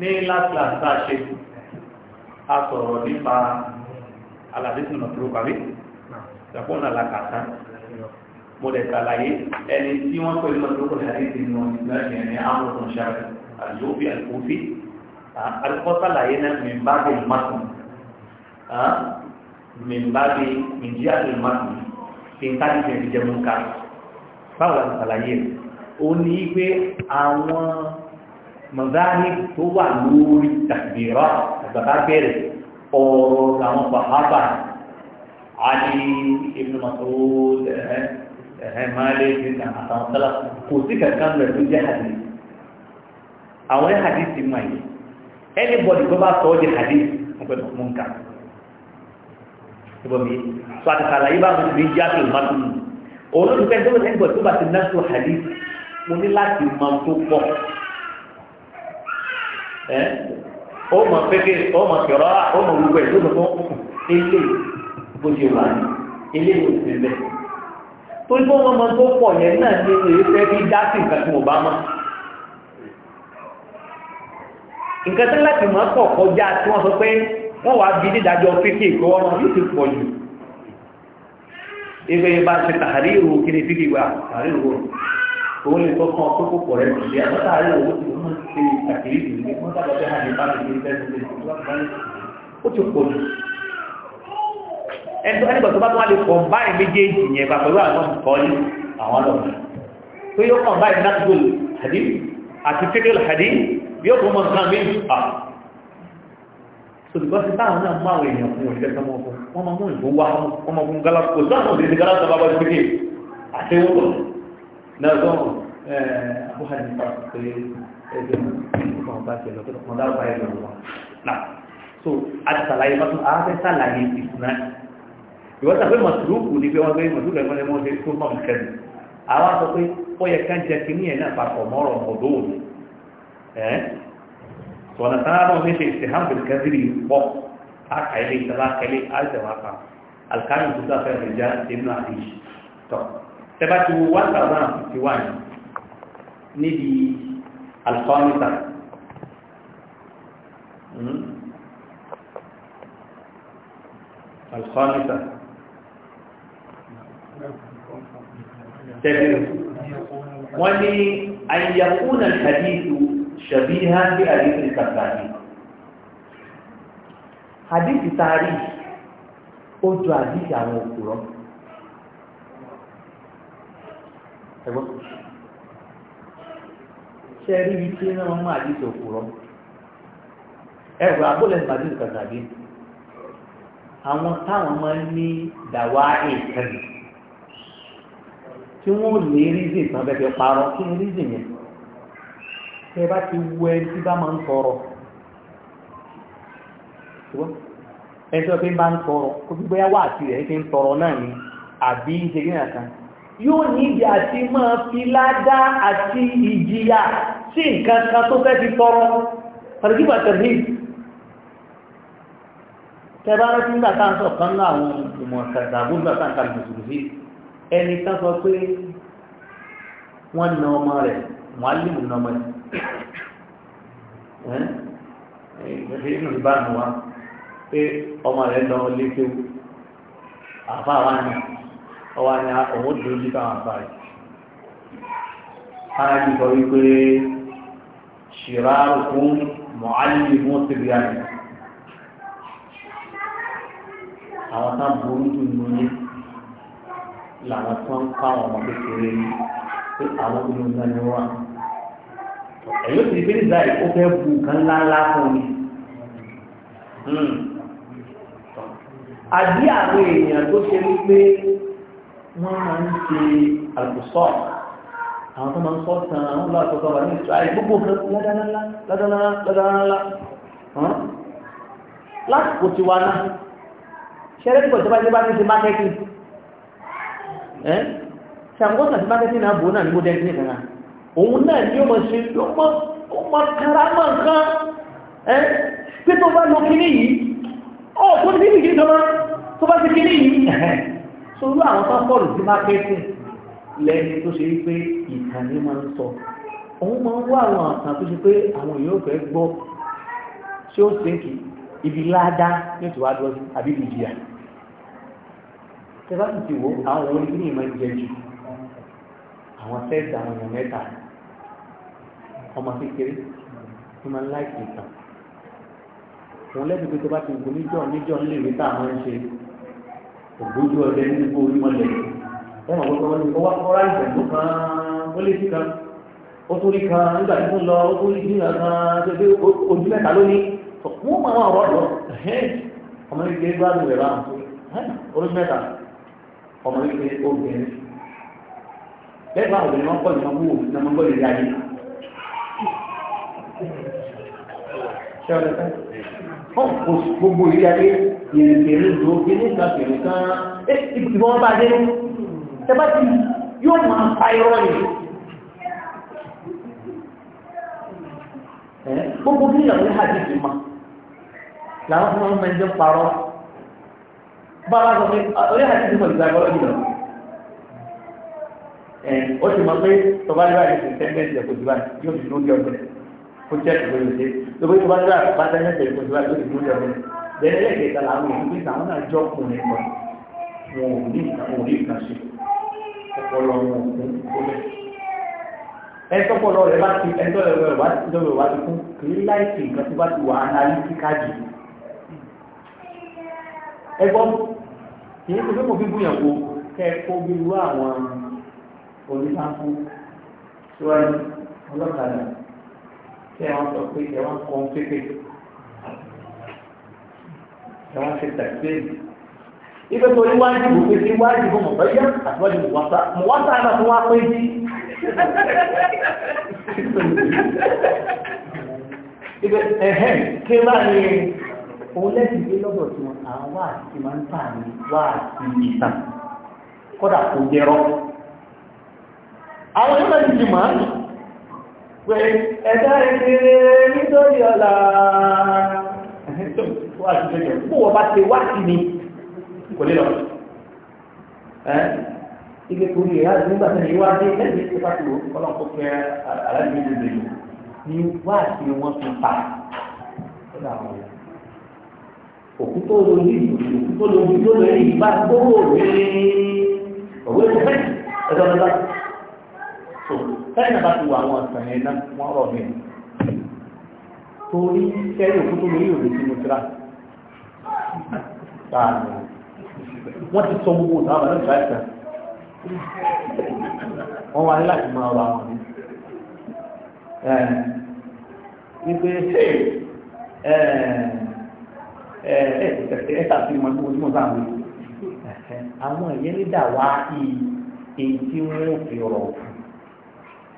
ní láti àtà ṣe a sọ̀rọ̀ nípa alàdísùn náà tó parí ìjàpọ̀nà làkàtà mo lè kàlàyé ẹni tí wọ́n pẹ̀lú ọdún àdísì nù ìrìn àwọn ọdún ṣáà àyóbi àkófí àkọ́sàlàyé náà mi bá bí mọ́tò mi bá bí ìjì àti mọ́tò kí n káàdì jẹ́ mú ká báwo la ti kàlàyé ó ní pé àwọn mọ̀gáàní tó wà lórí tàbírà àgbàká bẹ̀rẹ̀ ọ̀rọ̀ àwọn pàhápà àti ibùdó masoud ẹ̀hẹ́ máàlẹ́ ìdíjà àtàwọn sálà kò sí kankan rẹ̀ àwọn ẹ̀ hadith yìí anybody tó bá sọ ọ́ di hadith wọ́n pẹ̀lú mú nǹkan ìbọn mi sọ àti sàlàyé bá wọn ní jáde ìmọ̀tún òun ló ti fẹ́ tó bá ti náà tó hadith mo ní láti mọ tó pọ̀ ó mọ̀ pẹ́kẹ́ ó mọ̀ kẹ̀rọ ó mọ̀ gbogbo ẹ̀ lónìí fún ilé bó ṣe ní ilé ìwòsàn bẹ́ẹ̀. torí pé wọ́n mọ tó pọ̀ yẹn náà ní èyí fẹ́ bí dá sí nǹkan tí mo bá mọ̀. nǹkan tó láti mọ̀ pọ̀ kọjá tí wọ́n sọ pé wọ́n wá bí pẹ́kẹ́ ìkọ́ wọn yóò ti pọ̀ jù. bá òun lè sọ fún ọ pé kòkò rẹ ti àbọ̀ tá a rí owó tí wọ́n ṣe àkìrí ìlú ní wọ́n sábà bẹ́ẹ̀ hàn bá mi ní bẹ́ẹ̀ ní bẹ́ẹ̀ ó ti pọ̀ jù. ẹni tó ẹni tó bá tó wá lè pọ̀ báyìí méjèèjì yẹn bá pẹ̀lú àwọn ìkọ́lé àwọn lọ́wọ́ pé yóò kàn báyìí náà tó hàdí àti fẹ́kẹ́lì hàdí yóò kó mọ nǹkan mi à. sọdùkọ́ sí táwọn náà mú àwọn èèyàn fún òṣìṣẹ́ sọmọ fún wọn máa mú ìbò wá wọn máa mú gálápù lọ́dún àbúhà nípa pé ẹgbẹ́ ìfọ̀n bá ti lọ́dún kan dárúkọ ayé lọ́dún náà so àti sàlàyé bá tún àwọn fẹ́ sàlàyé ìsúná ìwọ́n tàbí mọ̀túrúkù ní pé wọ́n gbé mọ̀túrúkù ẹ̀gbọ́n lẹ́mọ́ ṣe tó mọ̀ nǹkan nù àwọn sọ pé ó yẹ ká jẹ kínní ẹ̀ náà papọ̀ mọ́rọ̀ ọ̀dọ́ òní ẹ̀ sọ̀nà sáárọ̀ ní ṣe ìṣèhàn bẹ̀rẹ̀ kẹ́sìrì tẹ́bá ti wo one thousand and fifty one níbi alkọ́nìtà hmm? alkọ́nìtà tẹ́bí wọ́n ní àyàkúnà hadithu ṣàbíhá bí àdíkì kàtàkì hadithi tààrí ó jọ àwọn òkúrọ́ ẹ̀gbọ́n ṣe rí ibi tí wọ́n mú àdìsí òkú rọ ẹ̀rọ abúlé ní àdìsí kàtàbí àwọn táwọn máa ń ní dàwa èèkàn tí wọ́n lè rízì tán bẹ́ẹ̀ parọ́ kí ni rízì yẹn tẹ bá ti wọ ẹni tí bá máa ń tọrọ ẹni tí wọ́n fi ń bá ń tọrọ kó fi bóyá wà yóò níbi àti máa fi ládá àti ìjìyà sí nǹkan kan tó fẹ́ fi tọrọ pàtàkìbà tẹ̀lé tẹ́bá rántí nígbà tá à ń sọ kan náà àwọn ìgbìmọ̀ ṣàgbàgbó nígbà tá à ń kàlù mùsùlùmí ẹni kan sọ pé wọ́n na ọmọ rẹ̀ mọ́álìmù na ọmọ rẹ̀ ẹ̀ inú ìbánu wa pé ọmọ rẹ̀ lọ létewu àfáà wa ọwọ́ ni àwọn òdòdó jí káwọn àbáyé ara yìí sọ wípé ṣìráàrù fún mọ̀álì mú síbi àyè àwọn tá burú jù nù ní làwọn tó ń ká àwọn ọmọ kékeré yìí pé àwọn obìnrin náà ni wọn ẹ̀yọ́ ti fi nígbà yìí ó bu nǹkan ńláńlá fún mi hmm. àbí àwọn èèyàn tó ṣe wípé wọ́n máa ń ṣe àlùsọ́ àwọn tó máa ń sọ́ tán àwọn lọ́wọ́ àtọ́tọ́ wà ní ìsirayé gbogbo nǹkan ládàlálá ládàlálá ládàlálá lásìkò tí wa náà ṣẹlẹ̀ nígbà tó bá dé bá ní ṣe mákẹ́tì ẹ́ ṣàǹgọ́sà ti mákẹ́tì náà bò náà ní gbọ́dẹ̀ ní ìkànnà òun náà ni ó mọ̀ ṣe ó mọ̀ karamọ̀ nǹkan ẹ́ pé tó bá lọ sórí àwọn tó pọ̀lù sí mákẹ́tì lẹ́ni tó ṣe wípé ìkànnì máa ń sọ òun máa ń wá àwọn àǹtàn tó ṣe pé àwọn èèyàn fẹ́ gbọ́ ṣé ó ṣe kì ibi ládá ní ìtura lọ sí àbí ibi ìjìyà tẹ́lá sì ti wò àwọn òun ní ìmọ̀ ìjẹ jù àwọn tẹ́ẹ̀sì àwọn èèyàn mẹ́ta ọmọ kékeré tó máa ń láìpẹ́ tán òun lẹ́bi pé tó bá ti gùn níjọ́ níjọ́ nílé tá a ń ṣe ògbójú ọdẹ ní gbogbo orí mọ́lẹ̀ wọn mọ̀ gbọ́dọ̀ ní ọwọ́ akọ́ra ìgbẹ̀lú kan ó lé sí kan ó tó rí kan nígbà tí wọ́n lọ ó tó rí jìnnà kan tó dé ojú mẹ́ta lónìí wọ́n mọ̀ àwọn ọ̀rọ̀ lọ ọmọ ìgbé gbádùn rẹ̀ láwọn orí mẹ́ta ọmọ ìgbé obìnrin lẹ́gbàá obìnrin wọn pọ̀ ní wọn kú òfin náà wọn gbọ́dọ̀ ìyá yìí ṣé ọ̀rẹ́ fẹ́ gbogbo ìyá yìí kèrèkèrè ìlú kìíní kan kèrè kan ìbọn bá dé tẹ́bá ti yóò máa pa irọ́ ni gbogbo bí ìyàwó hajj ti ma làwọn fún ọmọ ẹni jẹ́ parọ́ bàbá sọ pé orí hajj ti mọ̀ ìgbà ìgbà ìgbà ó ti mọ̀ pé tọ́ba ní báyìí ti tẹ́ńdẹ́ǹtì ẹ̀kọ́ ti báyìí yóò fi dúró di ọ̀gbìn kó jẹ́ ìgbà ìgbà ìgbà tó bá ní báyìí bá ẹ̀kọ́ ti yóò fi dúró di ọ̀gbìn bẹ̀rẹ̀ kẹta làwọn èèyàn gbé àwọn náà jọ ọkùnrin kan wọn ò ní ìkàwọ̀n ní ìkàṣe ọpọlọ wọn fún ọlẹ ẹtọpọlọ rẹ bá ti ẹtọ rẹ wá ti lọ́wọ́ wá ti fún kìí láìsí nǹkan tó bá ti wà analytical jù ẹgbọ́n kìí ṣe pé mo fi búyàn wo kẹ́ẹ̀kọ́ bí irú àwọn onífàfún síwájú ọlọ́kadà kẹ́ wọ́n sọ pé kẹ́ wọ́n kọ́ ń pépè. ni wọ́n ṣe tẹ̀síìlì ibi tó ní wájú bò pé sí wájú bò mọ̀ bẹ́yà àti wájú bò wáṣà mọ̀ wáṣà náà tó wá òun lẹ́sìn lọ́dọ̀ tí wọn àwọn wà á ti jẹjẹ bó wọn bá ti wá sí ni kò lè lọ ẹ ike kò lè láti nígbà tó ní wá dé lẹ́yìn tó bá ti wò ọlọ́run kò fẹ́ aláàbí ní ìlú ni wá sí wọn fi pa òkú tó lórí òkú tó lórí tó lórí ìgbà gbogbo rèé òwe tó fẹ́ ẹ̀dọ́ lọ́la tó fẹ́ẹ̀ bá ti wà àwọn ọ̀sán yẹn náà wọ́n rọ̀ mí torí kẹ́rì òkú tó lórí òde tí mo tira wọ́n ti sọ gbogbo ìdáwà ọrụ ìgbà ìgbà wọ́n wá ní láti máa ra wọn ní wípé ẹ ṣàfihàn àwọn lè dà wá èyí tí wọ́n fi fún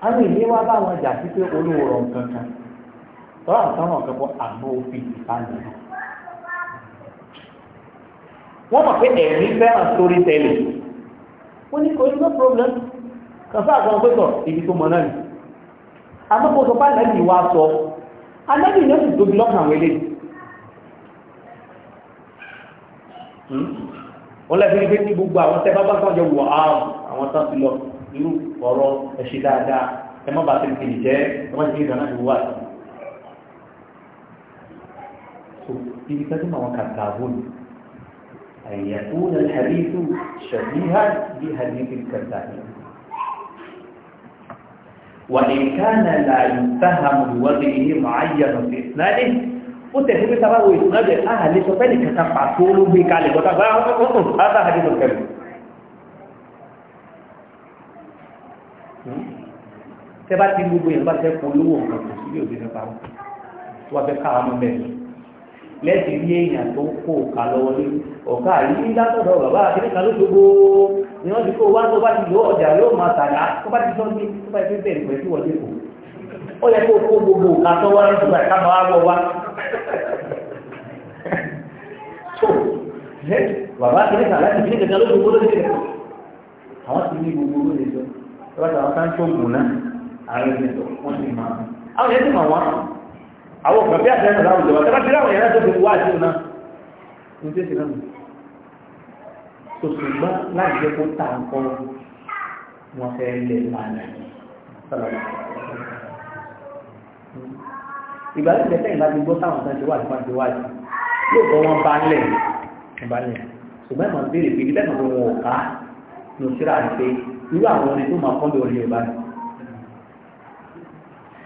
àwọn wá bá wọn jà sí pé nǹkan kan tọ́lá ọ̀sán wọ́n mọ̀ pé ẹ̀mí fẹ́ràn story telling wọ́n ní kò no problem kan sáà kan pé sọ ibi tó mọ̀ náà ni àmọ́kò sọ bá lẹ́bí wá sọ alẹ́bí ní oṣù tóbi lọ́kàn wẹ́lẹ̀ hmm? wọ́n lẹ́bí ní pé gbogbo àwọn tẹ́ bá bá sọ́jọ́ wọ àrùn àwọn tán ti lọ irú ọ̀rọ̀ ẹ̀ṣẹ̀ dáadáa أن يكون الحديث شبيها بحديث الكذاب وإن كان لا يتهم بوضعه معين في إسناده وتهيب تبعه إسناد أهل سبيل كتاب عطول بك عليه هذا حديث الكذب tẹ́bá ti gbogbo yẹn bá tẹ́ polówó nǹkan kò sí ilé òbí nípa lẹ́sì rí èèyàn tó kó ọ̀ka lọ́wọ́ ní ọ̀ka yìí látọ̀dọ̀ bàbá akẹ́kọ̀ọ́ ló ni wọ́n ti kó wá tó bá ti lọ ọjà yóò máa tàdá tó bá ti sọ ní tó bá ti bẹ̀rẹ̀ pẹ̀lú gbogbo ka tó wá lọ́sùn gbogbo àwọn kan bí àṣẹ náà láwùjọ tẹ́lá tí láwọn yẹn tó fi wá sí ọ̀nà ní tẹ́sí náà nù tó ṣùgbọ́n láì jẹ́ kó tà ń kọ́ wọn fẹ́ lè lànà ìgbà tí ìgbẹ́sẹ̀ ìgbà ti gbọ́ táwọn kan ti wà nípa ti wá sí yóò gbọ́ wọn bá lẹ̀ bá lẹ̀ ṣùgbọ́n ìmọ̀ béèrè pé ibi tẹ́sán wọn ò ká lọ síra àti irú àwọn orin tó máa kọ́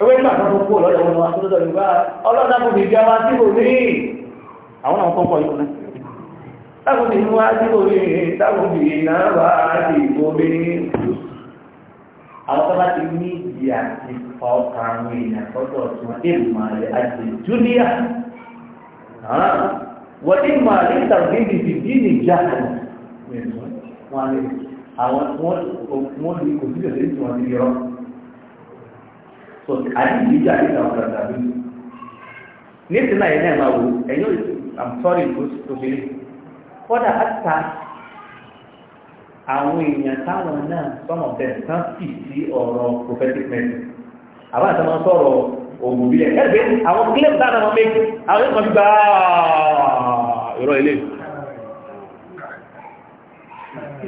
ewé nígbà tó tó kú ọlọ́dọ̀ wọn wá tó lọ́dọ̀ ọlọ́dọ̀ kò bèbí àwọn tí kò rí àwọn àwọn kọ́kọ́ yìí náà táwọn ìlú wá tí kò rí táwọn bì náà wá sí ìgbómi àwọn tó bá ti ní ìdí àti ọkà àwọn èèyàn tọ́jọ́ tí wọ́n dé màálẹ̀ àti júlíà wọ́n dé màálẹ̀ tàbí bìbì bí nìjà wọn ni àwọn wọn ò mọ́ kò sí ìrẹ̀lẹ̀ tí ti yọrọ so àdìsí ìjà àdìsí àwọn ọ̀gá tàbí nísìnyí náà yẹn náà máa wò ẹ̀yọ́ i'm sorry tó ṣe é kọ́dà àtà àwọn èèyàn táwọn náà sọmọ bẹ́ẹ̀ tán sì sí ọ̀rọ̀ prophetic medicine àbá àti àwọn sọ̀rọ̀ ògùn bílẹ̀ ẹgbẹ́ àwọn kílẹ̀ tá àwọn méjì àwọn ẹ̀kọ́ gbígbà ìrọ̀ ilé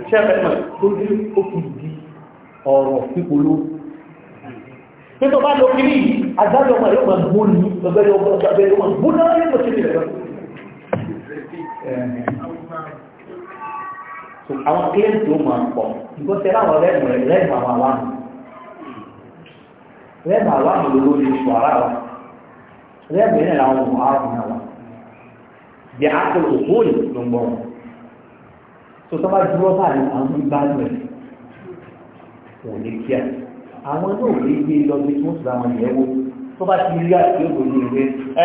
ṣẹ́fẹ̀ẹ́mọ̀ tó dé ó fi di ọ̀rọ̀ pípolówó pé tó bá lọ kiri àgbájọ ọmọ yóò máa mú ní ọgbẹ́rẹ́ ọmọ ọgbẹ́rẹ́ ọmọ mú náà yóò tó kiri rẹ̀ àwọn kílẹ̀ tó máa pọ̀ nǹkan tẹ láwọn rẹ́mù rẹ́mù àwọn àwọn rẹ́mù àwọn olówó ní oṣù ara wa rẹ́mù yẹn làwọn ọmọ àwọn náà wà bí a kò òkú òyìn ló ń bọ̀ wọn tó tọ́ bá dúró báyìí àwọn ìbánu ẹ̀ kò ní kíá àwọn náà lè gbé lọ bí tí wọ́n ti làwọn yẹn wo tó bá ti rí àti yóò gbòdì ìwé ẹ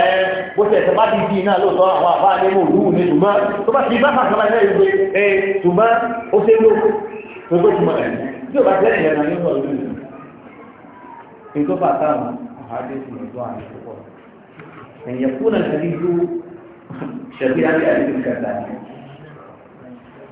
bó ṣe ẹ̀sẹ̀ bá ti di iná lóòótọ́ àwọn àbá alẹ́ mọ̀ òwú ni ṣùgbọ́n tó bá ti bá fàṣọlá ilé ìwé ẹ ṣùgbọ́n ó ṣe ló tó tó túmọ̀ ẹ̀ bí ò bá jẹ́ ìyẹn náà nínú ọdún yìí ètò bàtà àwọn àhádé sì ń dún àyè púpọ̀ ẹ̀yẹ̀kú náà ṣe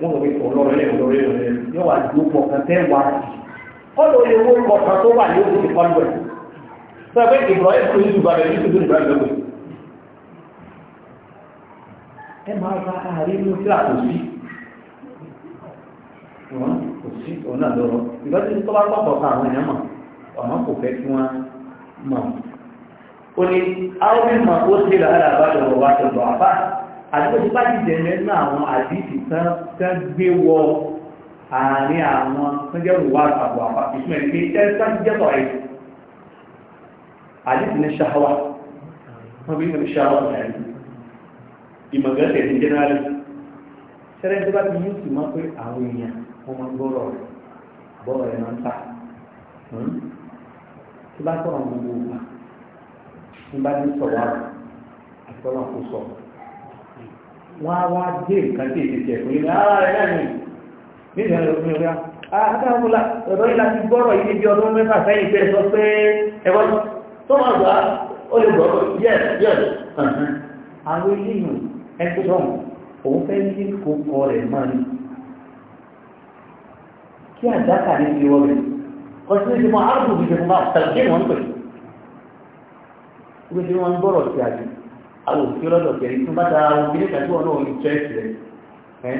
wọ́n lọ bí kò lọ́rọ̀ lẹ́yìn lọ́rọ̀ lẹ́yìn yóò wá ju kọ̀ọ̀kan tẹ́ wá sí kọ́lọ̀ yẹ owó kọ̀ọ̀kan tó wà ní oṣù tí kọ́lọ̀ ẹ̀ sọ pé Ibrahim tó ní Dubai rẹ̀ nítorí Ibrahim lọ́gbẹ̀ ẹ máa bá ààrẹ inú sílà kò sí kò sí òun náà lọ́rọ̀ ìgbà tí tó bá pàpọ̀ ká àwọn èèyàn mọ̀ àmọ́ kò fẹ́ kí wọ́n mọ̀ ó ní àwọn mímọ̀ ó ti rà á àdúgbò tí bá ti jẹ̀mẹ́ nínú àwọn àdìsí tán gbé wọ àárín àwọn tó jẹ́ òwò àgbàbọ̀ àpá ìtumọ̀ ìpín tẹ́sí láti jẹ́ sọ̀rọ̀ yìí àdìsí ní ṣáwá wọ́n bí ní ṣáwá náà ìmọ̀gẹ́sẹ̀ ní jẹ́nẹ́rẹ́lì ṣẹ́rẹ́ tó bá ti yí sí mọ́ pé àwọn èèyàn wọ́n máa ń gbọ́rọ̀ rẹ̀ máa ń ta hmm? tó bá sọ̀rọ̀ gbogbo wa tó bá ní sọ̀rọ̀ àti wọ́n á wá dé nǹkan tí èdè jẹ̀kọ́ yìí náà ẹ̀ náà ní ìdáná omi ọ̀gá àtàkùnlá ọ̀rọ̀ yìí láti gbọ́rọ̀ yìí bí ọdún mẹ́fà sẹ́yìn pé sọ pé ẹ̀wọ́n tó máa gbà ó lè gbọ́rọ̀ yẹ́s yẹ́s àwọn eléyìí ẹ̀kú sọ̀rọ̀ òun fẹ́ ní kó kọ rẹ̀ máa ní kí àdáka ní ti wọ́n rẹ̀ kọ́sí ní ti mọ àrùn òbí ti tàbí wọ́n pè wọ́n ti sí àjò àwọn òfin ọlọ́dọ̀ tẹ̀lé tó bá dára ohun ilé ìtàjú ọ̀nà òní tẹ́ẹ̀sì rẹ̀ ẹ́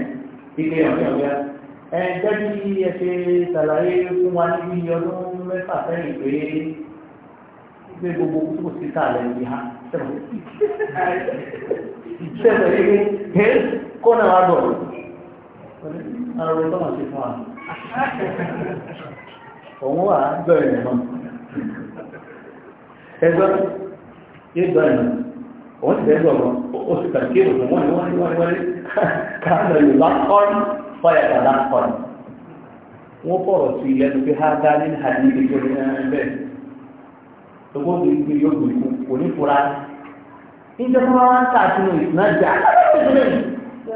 ilé ọ̀rẹ́ ọ̀rẹ́ ẹ jẹ́bi ẹ ṣe ṣàlàyé fún wa níbi ọdún mẹ́fà sẹ́yìn pé pé gbogbo kúkú sí sàlẹ̀ ìdí ha sẹ́wọ̀n yìí pé kó náà wá bọ̀ ara rẹ̀ bá wọn ṣe fún wa òun wà á gbọ́ ẹ̀yìn náà ẹgbẹ́ yóò gbọ́ ẹ̀yìn náà wọ́n ti bẹ́ẹ̀ lọ́wọ́ ó sì kàkí òkú wọ́n ni wọ́n ni wọ́n ni wọ́n ni káàdọ̀ yóò lákọ́ni fọ́yàtà lákọ́ni wọ́n fọ̀rọ̀ sí lẹ́nu pé ha dá ní hàní ìgbésẹ̀ ní ẹgbẹ́ tọ́gbọ́ tó ń gbé yóò gbé kú kò ní fura níjẹ́ fún wa ń sàtúnú ìsìnájà lẹ́gbẹ́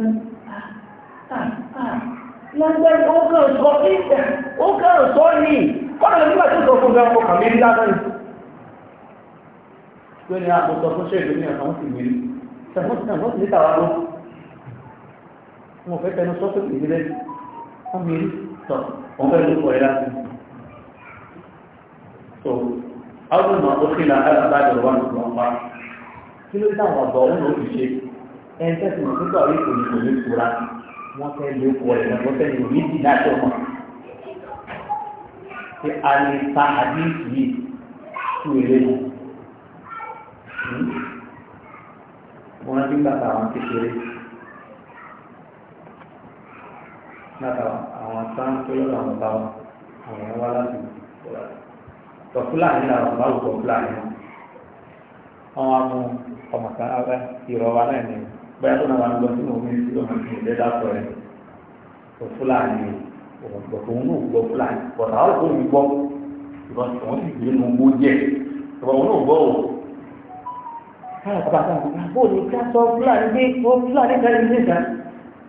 ó kàn sọ ní kọ́nà nígbà tó sọ fún gan-an kọ́ kàmí ńlá náà yóò ní àbòsọ fún ṣèlú ní ọ̀nà òsì mìírí tẹ̀wọ́n ti náà ní tàwa ló wọn fẹ́ tẹnu mìírí tọ̀ wọn so àwọn ọmọ tó kí náà ẹ̀rọ báyìí lọ́wọ́ ní ìwọ̀n pa kí ló dá àwọn ọ̀dọ́ òun lòdì ṣe ẹni tẹ́sí mọ̀ nígbà orí kò ní kò ní kura wọ́n fẹ́ ló kọ̀ ẹ̀ wọ́n fẹ́ ló ní ìdílé àti ọmọ ti a lè ta àdéhùn yìí tó ilé yìí mo rántí bàtà àwọn kékeré bàtà àwọn sáà tó lọ́dọ̀ àwọn bá wọn àwọn yẹn wá láti tọ̀ fúlàní làwọn bá wùkọ̀ fúlàní àwọn amú ọmọ kan abẹ́ ìrọ̀ wa náà ni bẹ́ẹ̀ tó náà wà lọ sínú omi sí ọmọ sí ìdẹ́ dàpọ̀ rẹ̀ tọ̀ fúlàní òun gbọ̀ tó ń lò gbọ̀ fúlàní bọ̀dà ọ̀rọ̀ tó ń gbọ́ káyà bàbá àgbà nígbà bó ní ká sọ fúlàní gbé ó fúlàní gbà ní nígbà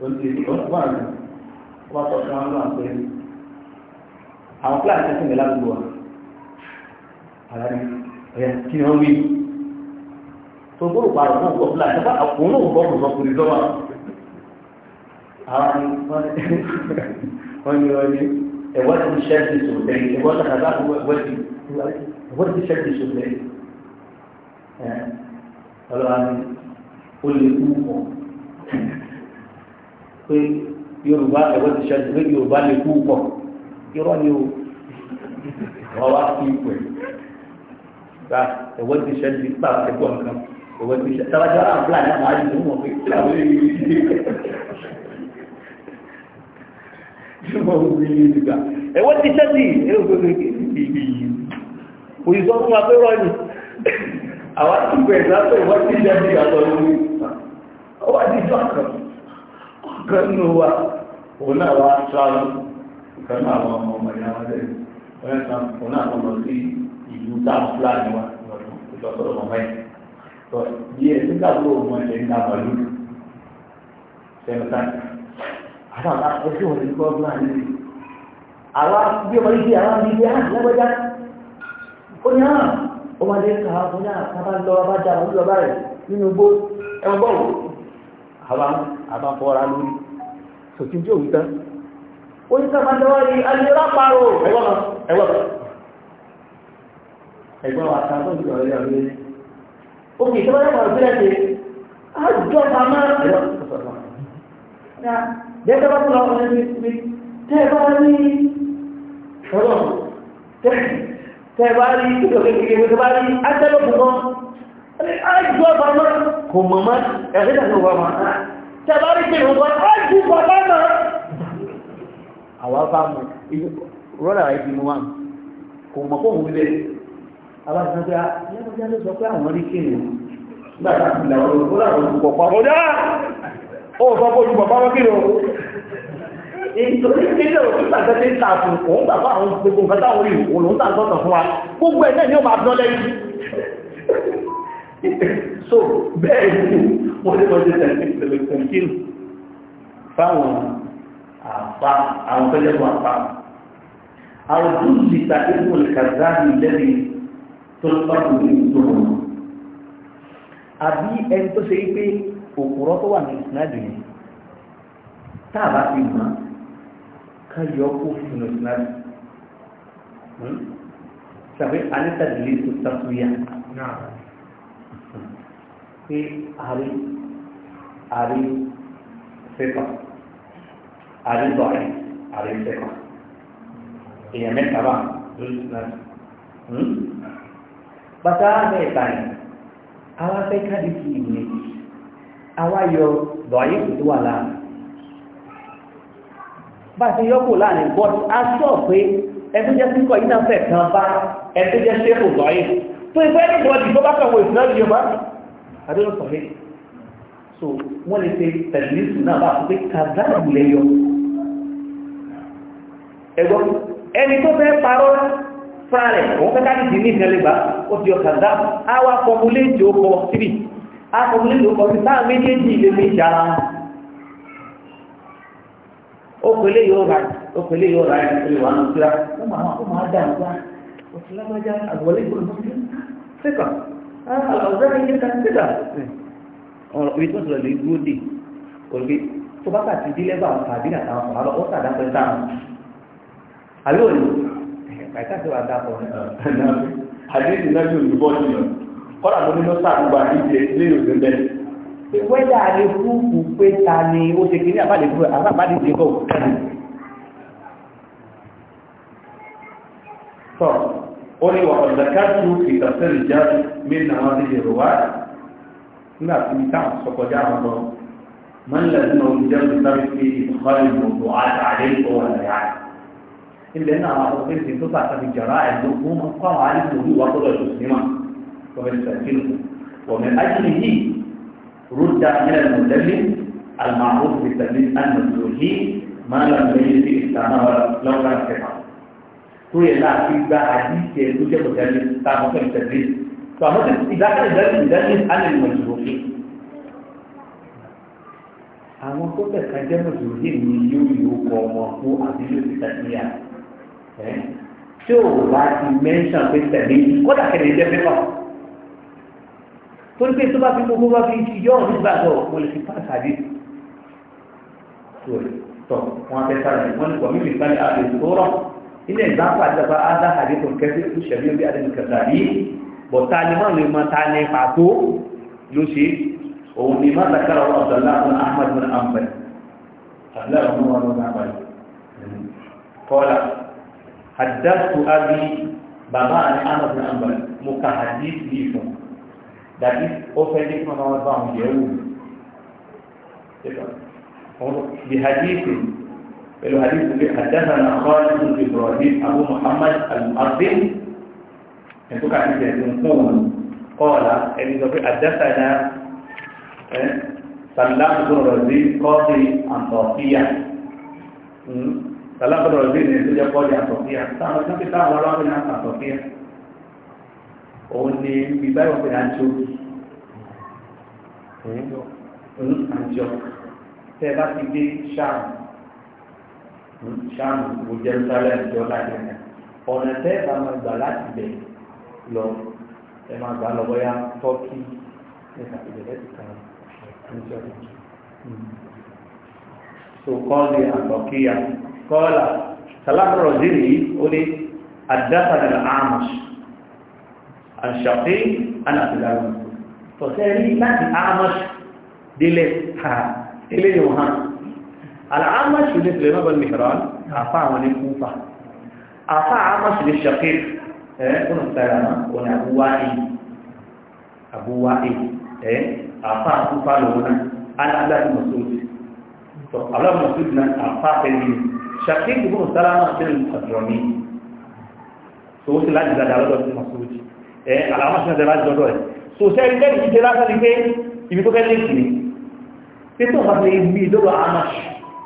olùdí ìtọ́sùn wà ní wọ́n sọ fún àwọn fúlàní tẹ̀sán mi ládùúgbò wa àlàyé ẹ̀yà kí ni wọ́n wí tó gbọ́dọ̀ pààrọ̀ náà gbọ́ fúlàní tẹ̀sán àpò náà gbọ́ kò sọ fún mi lọ́wọ́ àwọn wọ́n ní wọ́n ní ẹ̀wọ́n ti ṣẹ́ẹ̀tì sọ̀rọ̀ ẹ̀wọ́n ọlọ́wà ni ó lè kú pọ̀ pé yorùbá ẹ̀wọ́ ti ṣáájú pé yorùbá lè kú pọ̀ irọ́ ni o wọ́n wá kú pẹ̀ gba ẹ̀wọ́ ti ṣáájú pé àwọn ẹ̀kọ́ nǹkan ẹ̀wọ́ ti ṣáájú tábàjọ́ àwọn fúlàní àwọn àjùmọ̀ wọn pé kí làwọn èèyàn yìí ṣe ṣùgbọ́n ó wí ní ìgbà ẹ̀wọ́ ti ṣáájú ẹ̀wọ́ ti ṣáájú ìyí òyìnbó fún wa pé rọ́ọ̀nì àwọn àtúgbẹ̀ ìdájọ́ ìwọ́sí ìjẹ́bí àtọ́ lórí ọwọ́ àdíjọ́ kan ọ̀kan nù wa òun náà wá ṣáàlù ọ̀kan náà àwọn ọmọ ọmọ ìyá wọn lẹ́yìn wọ́n ta òun náà lọ sí ìlú táàfúlà ni wa ìlọsọ̀rọ̀ mọ̀mọ́ yìí tọ́ bí ẹ nígbà tó o mọ ẹ̀ṣẹ̀ nígbà pẹ̀lú sẹ́mẹ́tà àtàwọn akọ́ṣẹ́ wọn ní kọ́ ọ́gbọ́n àná àwa bí ọmọ yìí di àwọn àbí ilé àti lágbájá ó ní àwọn ah, ó wá lé kàá fún náà sábà lọ bá jà wọ́n lọ báyìí nínú igbó ẹgbọ́ wò àbá àbá fọ́ra lórí sòtí tí òwú tán ó ní sábà lọ́wọ́ rí alẹ́rà pààrọ̀ ẹgbọ́n ẹgbọ́n ẹgbọ́n wa ta fún ìgbà orí ọ̀rẹ́ ó kì í sábà lọ́wọ́ sí ẹ̀ṣẹ̀ àjọ pamọ́ ẹgbọ́n bẹ́ẹ̀ bá fún ọkùnrin mi tẹ́ ẹ bá ní ọlọ́run tẹ́ẹ̀ tẹ̀bárí ìdókèkèkè tẹ̀bárí átẹ́lọ́pù mọ́ ájú ọba mọ́ kò mọ̀ mọ́ ẹ̀rẹ́ ìdàkọ̀ ọba mọ́ tẹ̀bárí pé ìwọ̀n ájú ọba mọ́ àwọn afá mọ́ rọ́là rẹ̀ ti mú wa kò mọ̀ fóun lẹ̀ abájọ́gbé alẹ́gbẹ́já ló sọ pé àwọn rí kéèrè nígbà tá a ti làwọn nítorí nílé òtún tàbí ti ń ta àfún òun gbàgbọ́ àwọn gbogbo nǹkan táwọn rí òun lòún tàbí sọ̀tàn fún wa gbogbo ẹ̀ náà ni ó máa dán lẹ́yìn so bẹ́ẹ̀ ni wọ́n lè wọ́n ti tẹ̀lé tẹ̀lé fáwọn àpá àwọn tẹ́lẹ̀ fún àpá àrùn lìtà ìfún ìkàzáàmì lẹ́yìn tó lọ́pàá ní ìdòwò àbí ẹni tó ṣe wípé òpùrọ́ tó wà ní ìsìnájú yìí tá a mọ̀ káyọ̀ kó fún un náà sàbí alẹ́tàdìlẹ́ tó tàkùyà pé àrí àrí fẹ́kọ̀ àrí bọ̀rẹ̀ àrí fẹ́kọ̀ èèyàn mẹ́ta bá lórí náà bàtà mẹ́ta yìí àwọn afẹ́kádìí kì í ní àwáyọ bọ̀rẹ̀ tó wà láàrín bá ti yọ́pò láàrin bọ́ọ̀dù aṣọ pé ẹtú jẹ́ síkọ̀ yìí náà fẹ̀ kan bá ẹtú jẹ́ ṣẹ́kù lọ́yìn tó ìfẹ́ ní bọ́ọ̀dù tó bá kàwé ìfúnná yìí bá adúlọ́ sọ̀rọ̀ so wọ́n lè ṣe tẹ̀lísù náà bá pé kàdáàbù lẹ́yọ ẹgbọ́n ẹni tó fẹ́ parọ́ fúnra rẹ̀ òun fẹ́ káàkiri ní ìṣẹ̀lẹ̀ gbà ó ti yọ kàdáàbù á wá fọmúléèjì ó kọ síbì á fọmúléèjì ó kọ sí táà méjèèjì òkèlè yóò rà òkèlè yóò rà ẹ̀ ẹ̀ wà ní ìtura ó máa ó máa dà nípa òsínlámájá àgbọ̀lé ìgbòho síkà àlọ́ọ̀dá ilé kan síkà ọ̀rọ̀ ibi tó ń sọ lè dúró dè òrùlé tó bá kà ti tàbí àtàwọn ó sàdá pẹ́ òní wà wẹ́dà lè fúnkù pé ta ni ó ṣe kìí àbá lè fún àbá lè ṣe bọ́ọ̀ tọ́ ó ní wà ọ̀dọ̀ká tí ó fi ìtàṣẹ́lì já mẹ́rin àwọn ti dèrò wá nígbà tí ní táwọn sọkọjá àwọn lọ mọ́nlẹ̀ nínú olùjẹ́ olùsáré fi ìkọ́lẹ̀ ìmọ̀tò àtàlẹ́ ìkọwà rẹ̀ á ilẹ̀ náà àwọn ọ̀pọ̀ fèsì tó sàtàbí jàrá ẹ̀dọ́gbọ́n رد من المدلس المعروف بالتدليس المسلوحي ما لم يجد استعمال لو كان كفاية tó yẹ láti gba àdíṣe tó jẹ́ mọ̀tẹ́lì táwọn fẹ́ tẹ̀lé tó àwọn tó ti dákẹ́ ìdẹ́lì ìdẹ́lì alẹ́ mọ̀tòròfin àwọn tó tẹ̀ka jẹ́ mọ̀tòròfin ni yóò yóò kọ ọmọ fún àbílẹ̀ ìtàkìyà ẹ́ tí ò bá ti mẹ́ńsàn pé tẹ̀lé kódà kẹ́lẹ́ jẹ́ pépà torí pé tó bá fi gbogbo bá fi yọ ọ́ nígbà tó mo lè fi pàṣẹ àdé tọ̀ wọn fẹ́ sára wọn ni wọ́n mímì sáré àdé tó rọ̀ ilé ìgbàpá àjọba ádá àdé tó kẹsí tó ṣẹ̀bí orí àdé nìkẹta yìí bọ̀ ta ni wọ́n lè mọ ta ni pàtó ló ṣe òun ni má sàkárà wọn ọ̀dọ̀lá wọn ahmad bin ahmed abdullahi bin wọn bin ahmed kọ́lá haddasu abi bàbá àti ahmad bin ahmed mo ka hadith yìí that is offending from our bound Yahud. بحديث الحديث حدثنا خالد بن ابراهيم ابو محمد المؤذن انتوا قاعدين تقولوا قال ان حدثنا سلام بن رزي قاضي عن طافيه سلام بن رزي انتوا قاضي عن طافيه تعرفوا كتاب ولا عن طافيه òun ni bíbá ìwọ̀n pẹ̀lú àjọyọ̀ òun àjọ tẹ́ ẹ bá ti dé ṣáàmù hmm, ṣáàmù kò jẹ́ sáré àjọ láti ẹ̀ ọ̀nà tẹ́ ẹ bá máa gbà láti bẹ̀ lọ ẹ máa gbà lọ bóyá tọ́kì nípa ìbẹ̀rẹ̀ ti kàn níjọ́ hmm. so kọ́ọ̀lì àtọ́kíyà kọ́ọ̀là sàlámù rọ̀dìrì ó ní àdáfàdì àmàṣì àṣàfẹ́ aláàbìláàrù tọ̀sẹ́ rí láti amash délẹ̀ ha eléyìn wọn al'amash ní suleiman bin mihran àfá àwọn ní kúfà àfá amash ní ṣàfẹ́ ẹ̀ ọ̀nà sára ọ̀nà àbúwáì ẹ̀ àfá kúfà lọ́wọ́n aláàbìláàrù mọ̀sóòtì tọ̀sẹ́ mọ̀sóòtì náà àfá tẹ́lẹ̀ ṣàfẹ́ ìgbóhùn sára náà tẹ́lẹ̀ ẹ̀ eh, àlàmọ́sí ọ̀dẹ̀ láti dọ́dọ̀ ẹ̀ so sẹ́rí lẹ́bí ti tẹ́lá sáré pé ibi tó fẹ́ lè sí pé tó bá fẹ́ ibi lọ́rọ̀ amash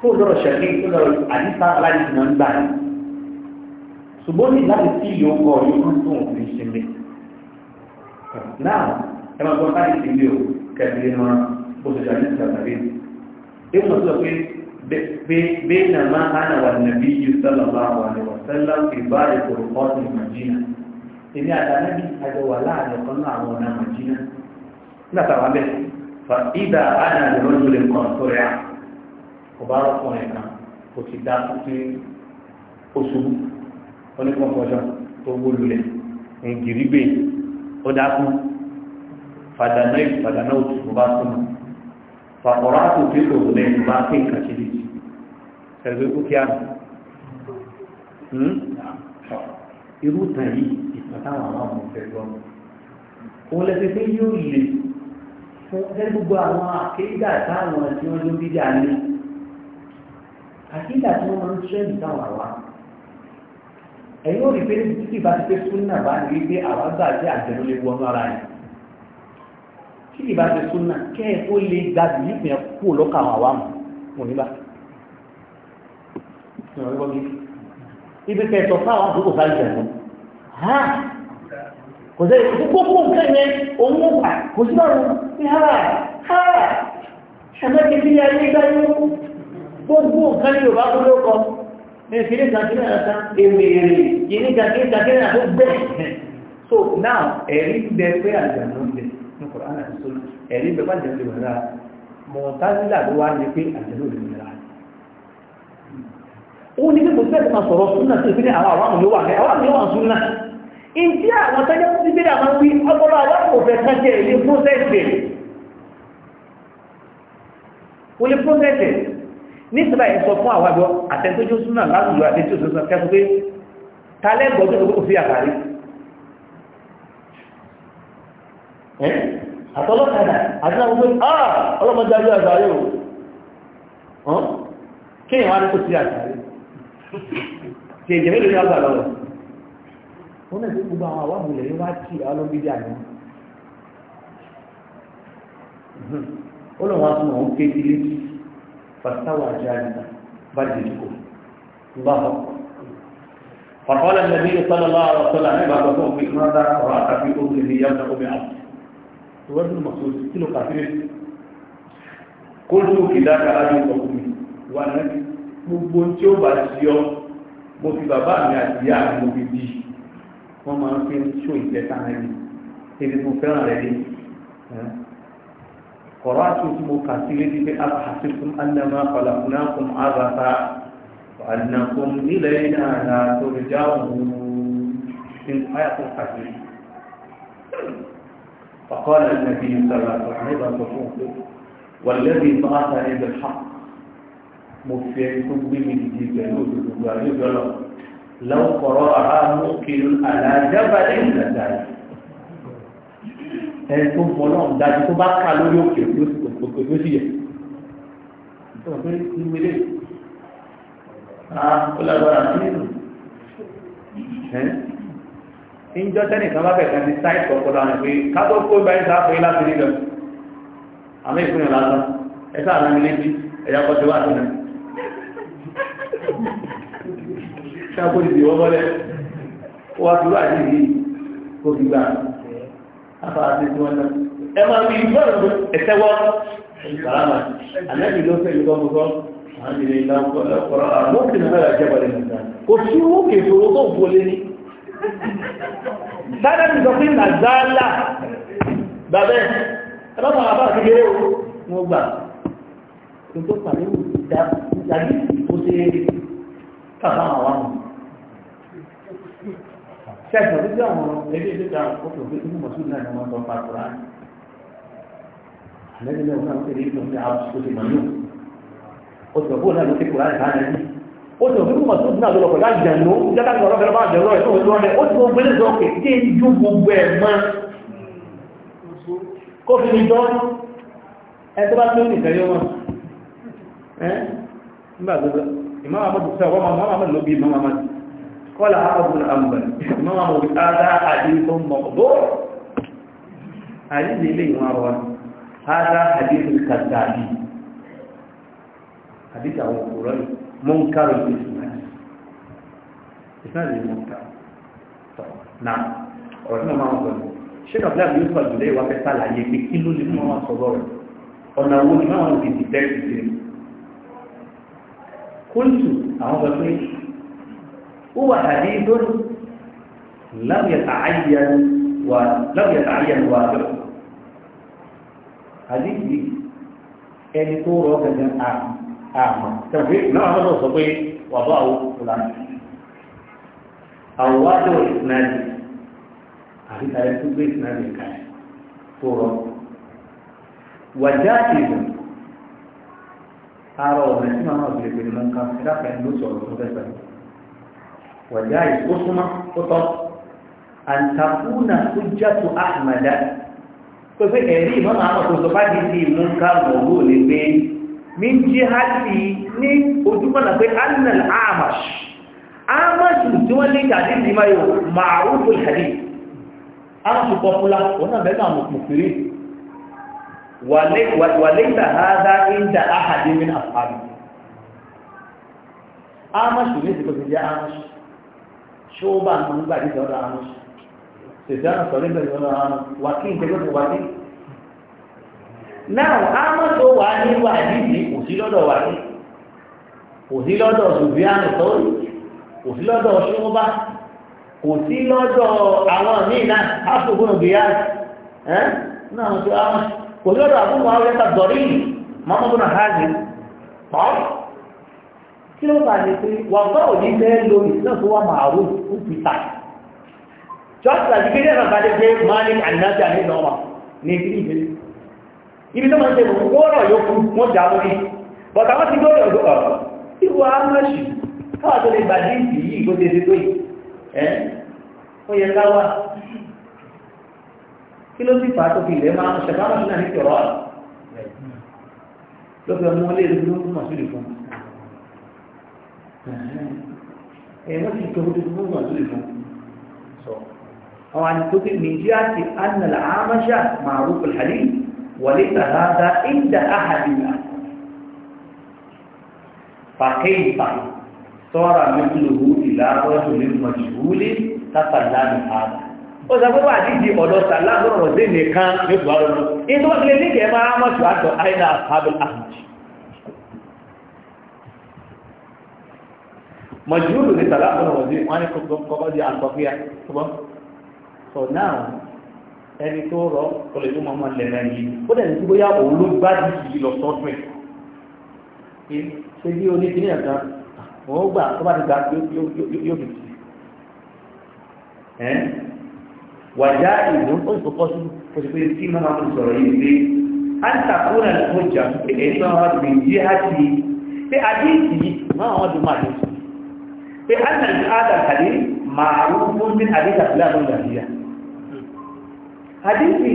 tó lọ́rọ̀ ṣẹ̀lẹ̀ tó lọ́rọ̀ àdísá aláàdì tí wọ́n ń gbà ní ṣùgbọ́n ní láti sí ìlú ọkọ̀ yóò tó ń fi ṣe mẹ́ náà ẹ máa gbọ́ sáyẹ̀ sí ilé o kẹ́lẹ́ mọ́ bó ṣe ṣàlẹ́ sí àtàrí ewu náà sọ pé bẹ́ẹ̀ náà máa hánà wà nàbí yìí sọ́lọ́ bá wà ní wà sẹ́lá ìbáraẹ̀kọ̀ọ́ èmi àdánábì àjọ wà láàrin ọ̀kan náà àwọn ọ̀nà màjínà látàwà bẹ́ẹ̀ fa ìdá àdá àdìrọ́jú lè kàn tó rẹ̀ kò bá rọ́kùnrin kan kò ti dá sí oṣù oníkọ̀ọ̀kọ̀ṣọ́ tó wólulẹ̀ ngiribe ó dákú fàdánà ìfàdánà òtù mo bá súnmọ́ fàkọ̀rọ̀ àti òfin òwò lẹ́yìn bá pé nǹkan ṣe lè hmm? irú tàn yìí àtàwọn àwọn ọmọ ìfẹ́ gbọ́. òun lẹ́sẹ̀ pé yóò lè fún ẹ́ gbogbo àwọn àkéyídà táwọn tí wọ́n ló bí dà ní àkéyídà tí wọ́n máa ń tẹ́ ní táwọn àwa. ẹ̀yin ò rí pé títí bá ti pé súnà bá rí pé àwa gbà jẹ́ àjẹ̀ló lè wọnú ara yẹn títí bá ti súnà kẹ́ ẹ̀ ó lè gbàgbé yìí kú lọ́kàn àwa mọ̀ mọ̀ nígbà ibi kẹsàn-án fáwọn àdúgbò sáyẹn lọ kò sí gbogbo nǹkan yẹn òun ó pa kò sí báwo ní ha ha ẹ̀mẹ́kì sí ayé gbáyé gbogbo nǹkan ní yorùbá kó ló kọ ní ìfìdí kàkiri àta èmèrè yìí kàkiri kàkiri àta gbẹ so now ẹ̀rí bẹ pé àjàmọ́ bẹ ní kọ̀ọ̀rọ̀ àná ìṣòro ẹ̀rí bẹ pé àjàmọ́ bẹ wà lára mọ̀tàzílà ló wá ní pé àjàmọ́ bẹ wà lára ó ní pé kò sí ẹ̀sìn máa sọ̀rọ̀ súnà sí ìpínlẹ̀ àwọn àwọn àmì ló wà ní àwọn àmì ló wà súnà ìdí àwọn tẹ́jọ́ tó ti àwọn wí ọpọlọ àwọn òfẹ́ kan jẹ́ ilé pọ́sẹ̀sì lè pọ́sẹ̀sì ní ìsìnlá ìsọ fún àwàjọ àtẹ́tójú súnà láwùjọ àtẹ́tójú súnà kẹ́kọ̀ọ́ wọn náà ti gbogbo àwọn àwọn àmúlẹ̀ yìí wá kí àwọn ọlọ́gbẹ́dẹ́ àná ó lọ́wọ́ àwọn àwọn kéde létí fàtàwà jáde bá dé kó bá bọ́. فقال النبي صلى الله عليه وسلم عباد الله في ماذا رأت في أذنه يمنع بعبد ورد المقصود كله كافر قلت كذاك أبي وأمي وأنا مبنتي وبسيو mo fi bàbá mi àti ìyá mi mo fi di wọ́n máa ń fi ṣó ìtẹ́ta náà ni ebi mo fẹ́ràn rẹ̀ ni kọ̀rọ̀ àti oṣù mo kà sí létí pé a kà sí fún anamá kọlàkùnà fún àgbàfà àdìnàkùn nílẹ̀ náà nà torí jáwọ̀ ní ayàtọ̀ kà sí. فقال النبي صلى الله عليه وسلم والذي بعثني بالحق مفيد بمن جبلوه وجبلوه لو قرأها ممكن على جبل لذلك ẹni tó mọ náà dájú tó bá ká lórí òkè òkè tó sì yẹ nítorí pé nínú ilé ó lágbára sí nínú ìjọ tẹnìkan bá bẹ̀ẹ̀ kan ti sáìtì ọpọlọ àwọn ìpè kábọ̀ kó ibà ìta àpò ìlà sí nílẹ̀ àmì ìpínlẹ̀ lásán ẹ̀ka àwọn ilé bí ẹ̀yà kọ́tí wà sí náà ṣáàkó ti wọ́n mọ́lẹ̀ wá ti wá sí ìdí kó ti gbà afa àti tí wọ́n náà ẹ máa fi ìgbà rẹ̀ ẹ̀tẹ́ wọ́n sàlámà àlẹ́bí ló fẹ́ ìgbà mọ́kọ́ àwọn ìrìn ìlà ọ̀pọ̀lọpọ̀ àwọn òkè náà fẹ́ra jẹ́ balẹ̀ nìkan kò sí òkè ìṣòro tó wọlé ní sáré ti sọ pé nàzálà bàbẹ́ ẹ bá máa bá àti kéré o mo gbà tó pàdé ìdájí ìkóṣe kàbá àwọn àwọn tẹ̀sán lójú àwọn ẹgbẹ́ ìgbẹ́ta ọkọ̀ òfin tó mọ̀ sódì náà ni wọ́n sọ pa kura àlẹ́gbẹ́ náà wọ́n tẹ̀lé ìgbẹ́ òfin àwọn sọ́dì mọ̀ yóò ó sọ fún náà ló ti kura ìbára ẹni ó sọ fún mọ̀ sódì náà ló lọ́kọ̀ láti jẹun ló jẹ́ká ní ọ̀rọ̀ fẹ́rẹ́ bá jẹun lọ́rẹ̀ tó ń lọ́rẹ̀ ó ti gbogbo ẹlẹ́sọ̀ kéèké ju gbogbo ẹ̀ mọ́ kó fi ní dán ẹ tó bá tó nìkan yọ mọ́ ẹ nígbà tó ìmọ̀ àmọ́ kọ́lá ààbùn àmàlì máa mọ̀ bí ádá àdínkùn mọ̀bọ̀ àdínkùn ilé ìwọ̀n àwọn ádá àdínkùn kàtàlì àdínkùn àwọn òkúrọ̀ mọ́nkárò ìsìnàdì ìsìnàdì mọ́nkárò náà ọ̀rọ̀ tí mo máa ń sọ ní ṣẹ́kà bí àbí yóò jùlẹ̀ ìwà fẹ́ sàlàyé pé kí ló lè mú wọn sọ̀rọ̀ àwọn sọ هو حديث لم يتعين ولم يتعين واجبه حديث ẹni tó rọ gẹ́gẹ́ àmà tẹ̀wé náà lọ́dọ̀ sọ pé wà bá àwọn fúlàní àwọ̀wájọ́ ìsinadì àríkàrẹ́ tó gbé ìsinadì kalẹ̀ tó rọ wàjá ìlú ara ọ̀nà tí màmá òbí lè pè ní mọ́ká ẹ̀dá kan ló sọ̀rọ̀ tó fẹ́ sọ̀rọ̀ وجاي قسمة قطر أن تكون حجة أحمد pẹ̀pẹ́ ẹ̀rí ìmọ́nà àwọn òṣòṣò bá di sí ìmúnká mọ̀lú lè pé mi ń jí ha sí ní ojúmọ́nà pé annal amash amash tí wọ́n lè jà nínú ìmọ̀ yóò ma'ruf al-hadith amash popular wọ́n náà bẹ́ẹ̀ náà mùsùlùmí وليس هذا عند أحد من أصحابه amash ní ìsìnkú ti jẹ́ amash ṣóbà ní wọn gbà dídì ọ̀dọ̀ àwọn ṣèṣẹ́ àwọn sọ̀rọ̀ ìgbà ìwọ̀n àwọn wàkí ìjẹ́gbẹ̀rún wàkí. náà amọ̀tò wà ní wàdìdì kò sí lọ́dọ̀ wàkí kò sí lọ́dọ̀ ṣùgbìyànù sọ́ọ̀rì kò sí lọ́dọ̀ ṣóbà kò sí lọ́dọ̀ àwọn míì náà áfùgbọ́n gbìyànù náà kò sí lọ́dọ̀ àbúrò àwọn ẹ̀ka dọ̀rí mọ́mọ́tò kí ló bàa lè pé wàgbà òní fẹ́ lo ìsìnà tó wà màrú ó fi tà just like ibi náà bàbá dé malik and nadia ní nọ́ọ̀mà ní ìdílé ìdílé ibi tó máa ń ṣe wọ́ọ̀rọ̀ yóò kú wọ́n jà lórí bọ̀tà wọ́n ti gbọ́dọ̀ ọ̀dọ́ ọ̀rọ̀ ìwà amẹ́ṣù káwà tó lè gbà dé ìdí yìí kó tètè tó yìí ẹ́ ó yẹ káwà kí ló sì fàá tó ilẹ̀ máa ń ṣẹ̀fà ẹ̀rọ ti jọ ojú fún ìwà lórí fún sọ àwọn àtìkókè méjì àti annala amáṣà màrú kùlhàlì wọlé tàdáadáa ìdá àhàdìyà فكيف صار مثله إلى رجل مجهول تفلى من هذا ó sọ pé wà nídìí ọ̀dọ̀ sàlámù ọ̀rọ̀ sí nìkan ní ìgbà ọ̀rọ̀ ní tó wọ́n lè ní kẹ́ẹ̀mọ́ àmọ́ṣù àtọ̀ àìdá àbúl mọ̀júlù ní tàlàkùn ọ̀dí wọ́n ní kọ́kọ́ di àtọ́fíà ṣùgbọ́n so now ẹni tó rọ olèdú mọ́mọ́ lẹ́nà yìí ó dẹ̀ ní bóyá òun ló di yìí lọ sọ́tún ẹ̀ ṣe bí o ní kí ní ẹ̀ka wọ́n gbà tó bá ti gbà yóò fi tì ẹ́ wàjá ìlú ó sì kọ́kọ́ sí kò sí pé tí mọ́mọ́ kò sọ̀rọ̀ yìí pé a ń takúrẹ̀ lọ́jà ẹ̀ẹ́dọ́rọ̀ gbèjì àti pé adé ìtì máa wọ́n dùn máa dùn pé anna ìhádà kàdé màrú fún bí àdéjà sílẹ̀ àbúrò nàìjíríà àdéjì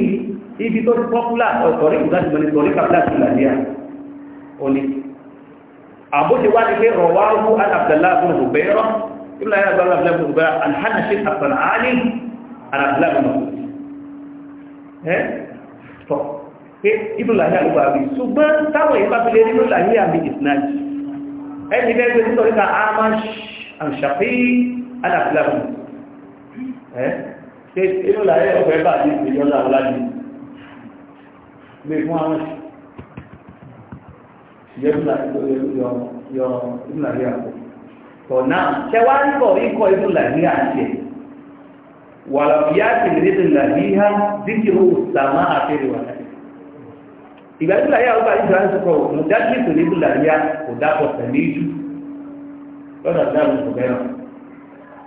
ibi tó ti pọ́pùlà ọ̀tọ̀rí ìgbàtí mọ́ni tọ̀rí kàbílà sí nàìjíríà òní àbóṣe wá ní pé rọ̀wá wú alàbdàlá fún òbẹ́rọ̀ ibùdó ayé àgbàlá àbdàlá fún òbẹ́rọ̀ alhànà ṣe àfàlà áni alàbdàlá fún òbẹ́rọ̀ pé ibùdó ayé àgbà rí ṣùgbọ́n táwọn ìbáfilé nínú làyé àmì ìsìnájì ẹni bẹ́ẹ̀ am shaqi ana aflahu eh ṣe inú láyé ọ̀fẹ́ bá ní ìjọba aláàbí gbé fún àwọn ìjọba ìjọba àpò tọ̀nà ṣẹwárí bọ̀ ikọ̀ inú láyé àti ẹ̀ wà lọ́bíyá ti rí ti láyé ha díkìrò sàmá àfẹ́rẹ̀ wà láyé ìgbàdúrà yà ó bá ìjọba ìṣòkò mùdájú ìtòlébùlà yà kò dápọ̀ pẹ̀lú ìjú lọ́dọ̀ dáa ló sọ bẹ́ẹ̀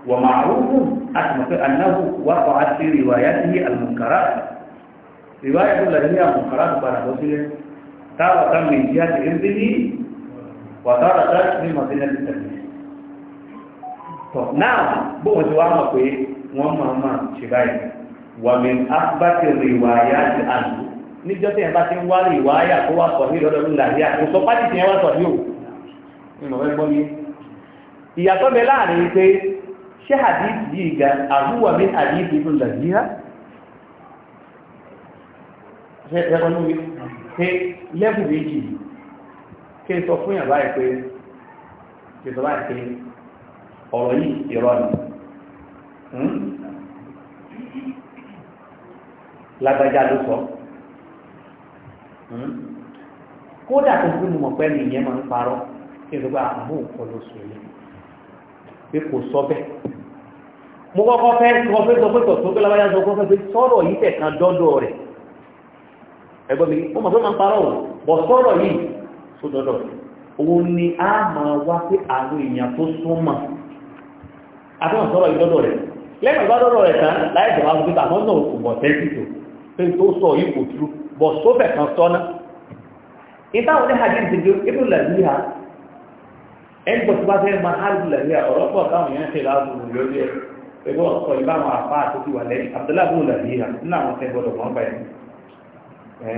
wọ́n máa rúkú àtìmọ̀pẹ́ anáwó wà kọ́ àti rìwáyà sí àlùmùkàrà rìwáyà tó lẹ́yìn àlùmùkàrà tó padà bọ́ sílẹ̀ táwọn táwọn èyí àti ẹgbẹ́ yìí wà táwọn táwọn ní mọ̀tẹ́lẹ̀ ti tẹ̀lé tọ̀ náà bóun ti wá mọ̀ pé wọ́n máa níjọ́ tí ẹ bá ń wá rìwáyà tó wà sọ̀hí lọ́dọ̀ lọ́dọ̀ làyà sọ pátì tí ẹ wá sọ̀hí o ìmọ̀ yìí ìyàtọ̀ bẹ láàrin pé ṣé hadith yìí ga àrúwà mi hadith yìí fún zàdíhá ṣe ẹgbẹ̀rún mi pé lẹ́bù méjì kí n sọ fún yàrá ẹ̀ pé kí n sọ báyìí pé ọ̀rọ̀ yìí irọ́ ni hmm? lágbájá ló sọ hmm? kódà tó gbé mọ̀ pẹ́ nìyẹn ń parọ́ kí n sọ pé àmú òkọ́ ló sọ pé kò sọ bẹ́ẹ̀ mo kọ́kọ́ fẹ́ sọ pé sọ pé tọ̀tún pé lábáyá sọ fún fẹ́ sọ̀rọ̀ yìí tẹ̀kan dọ́dọ̀ rẹ̀ ẹgbọ́n mi ó mọ̀ pé máa ń parọ́ òun bọ̀ sọ̀rọ̀ yìí tó dọ́dọ̀ òun ni a máa wá pé àwọn èèyàn tó súnmọ́ àtúnwọ̀n sọ̀rọ̀ yìí dọ́dọ̀ rẹ̀ lẹ́yìn bá dọ́dọ̀ rẹ̀ tán láì jẹ̀ wá pípa àwọn náà kò bọ̀ tẹ́sí pé tó sọ yìí kò tú bọ̀ sófẹ̀ kan sọ́nà ìtàwọn ní hajj ẹgbẹ́ tó bá fẹ́ máa hálùlẹ̀ ní ọ̀rọ̀pọ̀ táwọn èèyàn ṣe láàbù lórí ẹ̀ pẹ̀lú ọ̀pọ̀ ìbáwọn àpá àti ti wà lẹ́yìn abdullahi làbíyà nínú àwọn tẹ́ gbọdọ̀ wọ́n báyìí ẹ́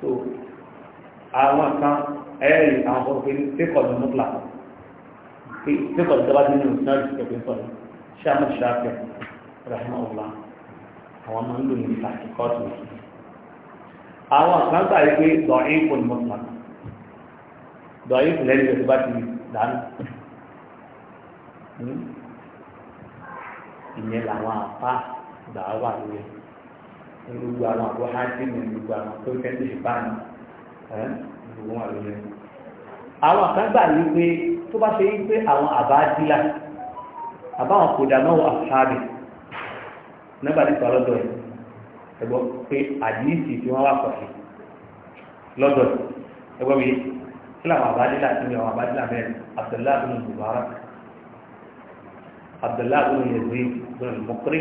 so àwọn kan ẹ̀rì àwọn kan pé tẹ́kọ̀ọ̀dù mọ́tòlá tẹ́kọ̀ọ̀dù tó bá dé nínú náà ti pẹ̀lú sọ̀rọ̀ ṣáàmù ṣáàfẹ́ rahmanulá àwọn máa ń lò ní àkíkọ́ọ̀tù àwọn kan gbà yí pé dànù hmm? ìyẹn làwọn apá gbà wà lóye gbogbo àwọn àbọ̀ hajjimi gbogbo àwọn tó fẹ́ lè bá ní gbogbo wọn lóye àwọn kan gbà yí pé tó bá ṣe yí pé àwọn àbá dílà àbáwọn kò dà mọ́wọ́ àfáàbì nígbà tí sọ lọ́dọ̀ yìí ẹgbọ́ pé àdínísì tí wọ́n wà pọ̀ sí lọ́dọ̀ ẹgbọ́ mi kí làwọn àbádílà tí wọ́n àbádílà mẹ́rin abdullahi bin mubarak abdullahi bin yazid bin mukri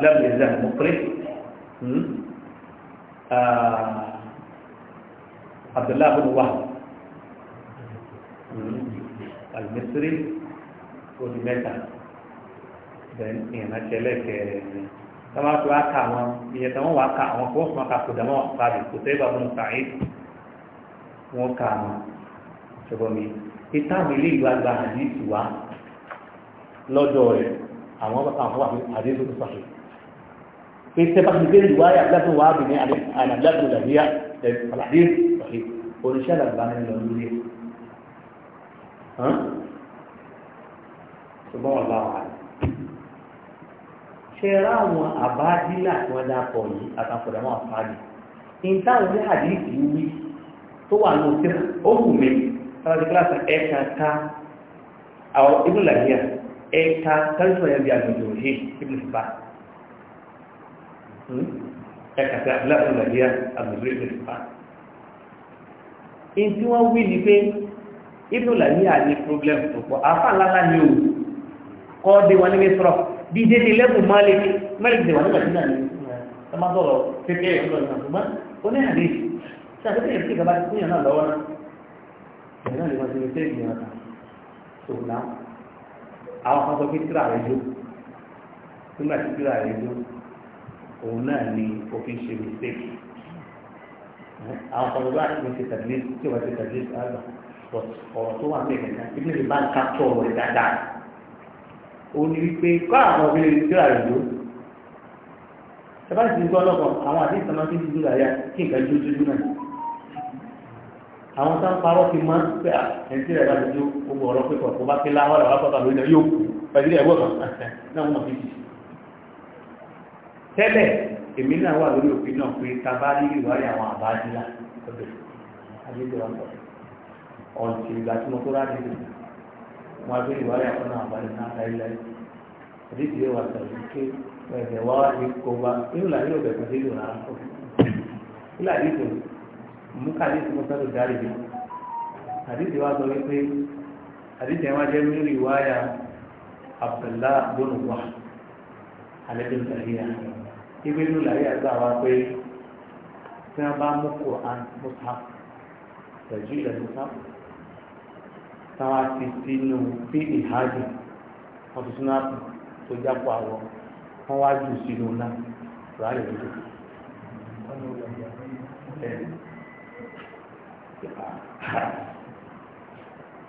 lam ah, yazid mukri hmm? ah, abdullahi bin wahab hmm? almisri odi mẹ́ta then ìyẹn àtẹlẹ kẹrin tọ́wọ́ tó wá ká àwọn ìyẹn tọ́wọ́ wá ká àwọn fún ọ̀sán kakùdàmọ́ tàbí kò sẹ́yìn bàbá mùsàáyé wọ́n kà á mọ̀ ṣùgbọ́n mi ìtàbí ilé ìlú àgbà àdìsù wa lọ́dọ̀ rẹ̀ àwọn àwọn àdìsù tó sàṣẹ. pé sẹ́fàṣì bẹ́ẹ̀ ìlú ayé àgbàdo wà á bì ní àdìsù làbíyà àdìsù sàṣẹ oníṣẹ́ àgbà ní lọ lórí. ṣùgbọ́n wọn bá wà á ṣe ra àwọn àbájílà tí wọ́n dá pọ̀ yìí àtàkùnrin àwọn àfáàdì. ìtàwọn ní àdìsù wí tó wà ní òkè òkú mi sábàtí kíláàsì ẹ̀ka ká àwọn ibùdókìá ẹ̀ka tẹ́lifíṣàn yẹn bí àgbèjò òhì ibùdókìá hmm? ẹ̀ka tẹ́ àbúlàbùdókìá àgbèjò ibùdókìá. èyí tí wọ́n wí ni pé ibùdókìá ní problem tó pọ̀ àfa ńláńlá ni o kọ́ de wọn níbi sọ̀rọ̀ dídé ní lẹ́bùn mọ́lẹ̀ mọ́lẹ̀ ti wà nígbà tí ní sẹ́yìn tí èyí kaba kúnyàn náà lọ́wọ́ náà èyí náà lè máa ṣe ṣe ìgbìyàn kan tó ná àwọn kan sọ pé tíra ni òfin ṣe mistake àwọn kan sọ pé àti ṣe tàbí tí wọ́n ṣe tàbí àgbà ọ̀rọ̀ tó wà ní ẹ̀ka ibi ní bá ń káptọ̀ rẹ̀ dáadáa ó ní wípé kọ́ àwọn obìnrin tíra rẹ jó ẹ bá ti ń gbọ́ ọlọ́kọ̀ àwọn àti ìsọmọ́sí ti dúró àyà kí nǹkan jójú náà àwọn tó ń parọ́ ti máa ń pè à ẹni tí rẹ̀ bá ti jó gbogbo ọ̀rọ̀ pé kọ̀ọ̀kọ́ bá ti láwọ́ rẹ̀ wá pàtàkì lórí náà yóò kú pẹ̀lú ẹ̀wọ́ kan náà wọ́n fi jì tẹ́lẹ̀ èmi náà wà lórí òfin náà pé ta bá rí ìwárí àwọn àbájílá ọ̀dọ̀ àdéjọba pọ̀ ọ̀sẹ̀ ìgbà tí mo tó rá nínú wọn gbé ìwárí àwọn náà àbájílá náà láíláí àdéjọba mú kàdísì mọ́ sọ́dọ̀ dárí bi kàdísì wa sọ wípé kàdísì yẹn wá jẹ́ mílíọ̀nù ìwáyà Abdullah bọ́nù wà alẹ́bí lùlàyà ibi lùlàyà gbà wá pé tí wọ́n bá mú kó an mọ́tà pẹ̀lú ilẹ̀ mọ́tà táwa ti sínú bí ìhájú wọ́n ti sínú tó jápọ̀ àwọ̀ wọ́n wá jù sínú náà rárẹ̀ lójú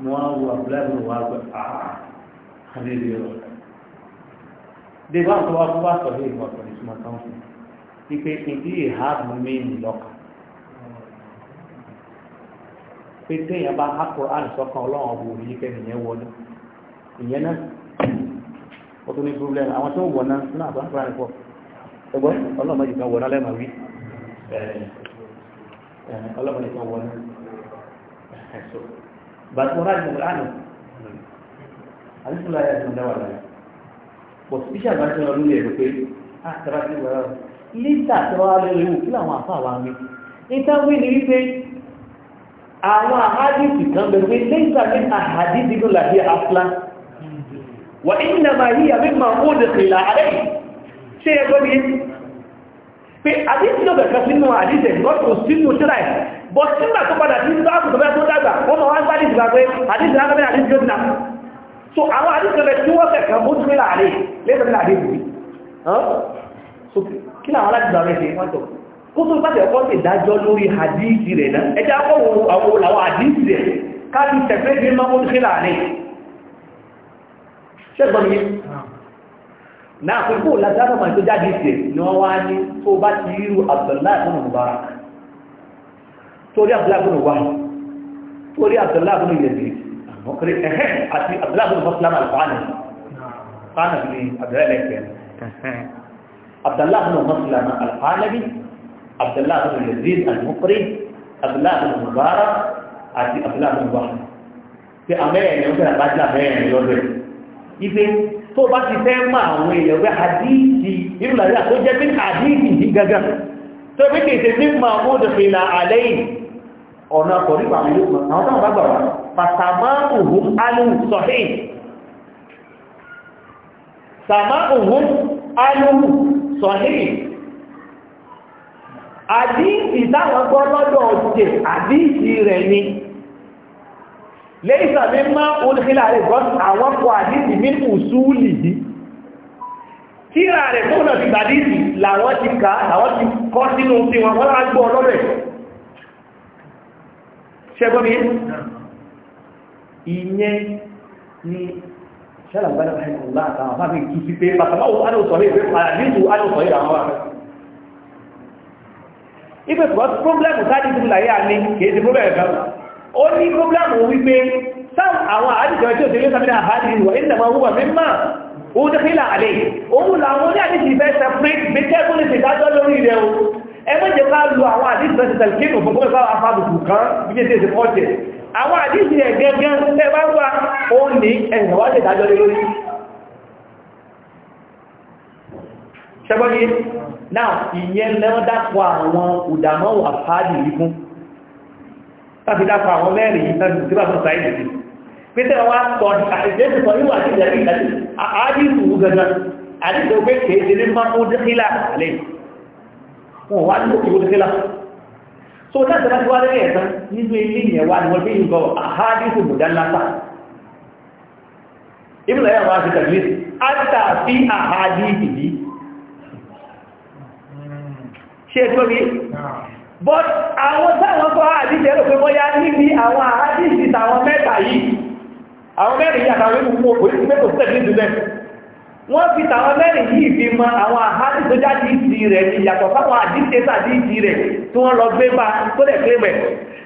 wọ́n wo abúlẹ́bù wà gbé àlèlè rọ̀ dèbò àtọwà tó wà sọ̀rọ̀ ìwà pẹ̀lú ìsúnmọ́ tán fún ipe ìdí ìhà mímì lọ́kà pé téèyàn bá hákò àlùsọ́kàn ọlọ́run ọ̀bù òní kẹ́ nìyẹn wọlé ìyẹn náà ó tún ní problem àwọn tó ń wọ̀ náà náà àbúrò àbúrò àìpọ̀ ẹgbọ́n ọlọ́run mọ́jì kan wọ̀ náà lẹ́ẹ̀mọ̀ wí ọlọ́run mọ́jì kan wọ̀ náà so but moral mo ra no àbí fúnra yà tó ń dá wà láyé but bíṣà bá ti lọ lórí ẹ̀rọ pé a tẹ́lá sí wà láwọn lítà tó wà lórí ewu kí làwọn àfa wa mi níta wí ni wípé àwọn àhádìsì kan bẹ pé lẹ́yìn tàbí àhádìsì ló làbí afla wà nínú àmà yìí àbí màá kó de kìlà àlẹ́ ṣé ẹ gbọ́ mi pé àdìsí ló bọ̀ sígbà tó padà sí sáàbù tó bẹ́ tó dàgbà wọ́n máa wá ń gbádìí ìgbà pé àdíjì lágbàbẹ́ àdíjì tó dìnà so àwọn àdíjì rẹ̀ tí wọ́n fẹ̀kàn mú tún láàrin lẹ́sẹ̀ so kí làwọn aládìgbà rẹ̀ ṣe wọ́n tọ̀ kó tó bá tẹ̀ kọ́ sí ìdájọ́ lórí àdíjì rẹ̀ náà ẹjẹ́ akọ́wò àwọn làwọn àdíjì rẹ̀ káàkiri tẹ̀fẹ́ bí mọ́ mú tún láàrin ṣẹ́gbọ́n mi náà pé kó làtàkùn àti tó jáde ìsẹ̀ ni wọ́n wá ní tó bá ti ríru Abdullahi Mubarak torí abdullahi wa torí abdullahi yẹ̀dì àmọ́kiri ẹ̀hẹ́ àti abdullahi mọ́sílámà alfààní fàánà bí abdullahi lẹ́kẹ̀ẹ́ abdullahi mọ́sílámà alfààní bí abdullahi yẹ̀dì àmọ́kiri abdullahi mubarak àti abdullahi wahab pé amẹ́rẹ̀ ẹ̀yọ́ bẹ̀rẹ̀ bá jẹ́ amẹ́rẹ̀ ẹ̀yọ́ bẹ̀rẹ̀ ife tó bá ti fẹ́ mọ àwọn èèyàn pé àdíìsì nínú làrí àtó jẹ́ pé àdíìsì yìí gangan tó bí kèsè ní mahmood fìlà àlẹ́yìn ọ̀nà àkọ̀rí pàmì yóò mọ̀ àwọn táwọn bá gbà wà fàtàmáàmùhù alùsọ̀hìn sàmáàmùhù alùsọ̀hìn àdíìsì táwọn gbọ́ lọ́dọ̀ ọ̀tẹ̀ àdíìsì rẹ̀ ni lẹ́ìsà mi olùfílà rẹ̀ gọ́ àwọn kọ tó ti ti ti kọ́ sínú ṣẹ́gbọ́n mi ìyẹn ni ṣẹ́làgbára ọ̀lá àtàwọn àbábí kì í sí pé pàtàkì aláwòsọ̀rẹ́ ìwé àdínkù aláwòsọ̀rẹ́ àwọn ará ipe kọ́ problemu sáàdì tó láyé àní kèèsì problemu kan ó ní problemu wípé sáà àwọn àdìjọ tí ó tẹ́lé sàmìnà àbájì ìwà ìdàmà wúwà mímọ̀ ó dẹ́kílà àlè òun làwọn ní àdìjì fẹ́ separate bí kẹ́kùn lè ṣèdájọ́ lórí ẹgbẹ́ jẹ ká lo àwọn àdíṣẹ́ ti tẹ̀lẹ̀kínù fún fún ìfáwà afábùkù kan bí i ṣe pọ́jẹ̀ àwọn àdíṣẹ́ ẹ̀gẹ́gẹ́ tẹ́ bá wà ó ní ẹ̀rẹ̀wájẹ̀ ìdájọ́ lé lórí ṣẹgbọ́n yìí náà ìyẹn lẹ́wọ́n dápọ̀ àwọn ìdàmọ́ àfáàdì ikú láti dápọ̀ àwọn mẹ́rin ìtàn ìtìbà fún wọn wá ní òkè òkè kílá so láti láti wá lẹ́yìn ẹ̀sán nínú ilé ìyẹn wá ní wọ́n gbé ìgbọ́ àhádìsù mùdánláta ibùdó ẹ̀yà wá sí tẹ̀lé àtà sí àhádìsù yìí ṣe tó rí but àwọn táwọn kọ́ àdìsù ẹ̀rọ pé bọ́yá níbi àwọn àhádìsù tàwọn mẹ́ta yìí àwọn mẹ́rin yàtàwọn ìlú mú wọ́n fi tàwọn mẹ́rin yìí fi mọ àwọn àhádì tó jáde ìdí rẹ̀ ní ìyàtọ̀ fáwọn àdíṣẹ́sà dí ìdí rẹ̀ tí wọ́n lọ gbé bá tó lẹ̀ pé mẹ́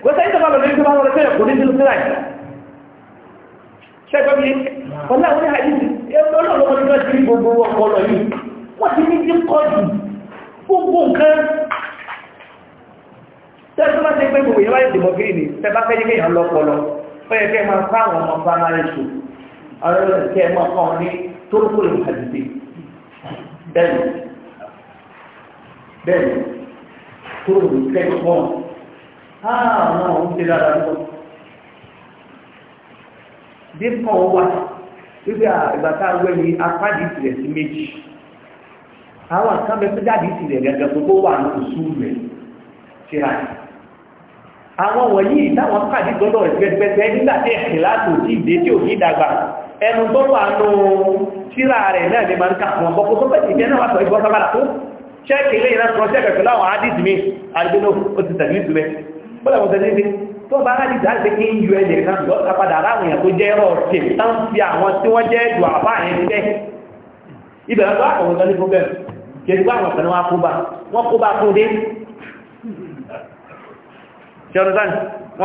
kò sẹ́yìn tó bá lọ lórí tó bá gírí ni tẹ́ bá fẹ́ yé kéèyàn lọ́pọlọ fẹ́ yẹ kẹ́ máa fáwọn ọmọ bá máa ń ṣù àwọn ẹ̀kẹ́ máa fọ́ ní طرق المحدثين بل بل طرق الكيخون ها ما هو كده لا dípọ̀ wà wípé àgbàtà wẹ́ ní apáàdì ìsìlẹ̀ sí méjì àwọn àkànbẹ̀ tó jáde ìsìlẹ̀ gẹ̀gẹ̀ tó wà ní oṣù rẹ̀ ṣe rà àwọn wọ̀nyí ìdáwọn pàdé gbọ́dọ̀ ìgbẹ́gbẹ́gbẹ́ nígbàtí ẹ̀sìn láti òjì ìdé tí ò ní ìdàgbà ẹnu tó wà ló tíra rẹ̀ náà ní máa ń kà fún ọgbọ́ tó pẹ̀lú ìjẹ́ náà wà sọ ìgbọ́ sábàdà tó ṣẹ́ẹ̀kì ilé ìran sọ ṣẹ́ẹ̀kì pẹ̀lú àwọn àdìsí mi àdìgbélò ó ti tẹ̀lé ìtumẹ̀ bọ́lá mo tẹ̀lé tó bá rádìí dáa ṣe kí ń yọ ẹ̀jẹ̀ kan lọ sápadà aláwọ̀ èèyàn tó jẹ́ ẹ̀rọ ṣe tán fi àwọn tí wọ́n jẹ́ ẹ̀dùn àbá yẹn jẹ́ ibẹ̀rẹ̀ tó àkọ̀wé kan ní problem kìí gbá àwọn ọ̀pẹ̀lú wọn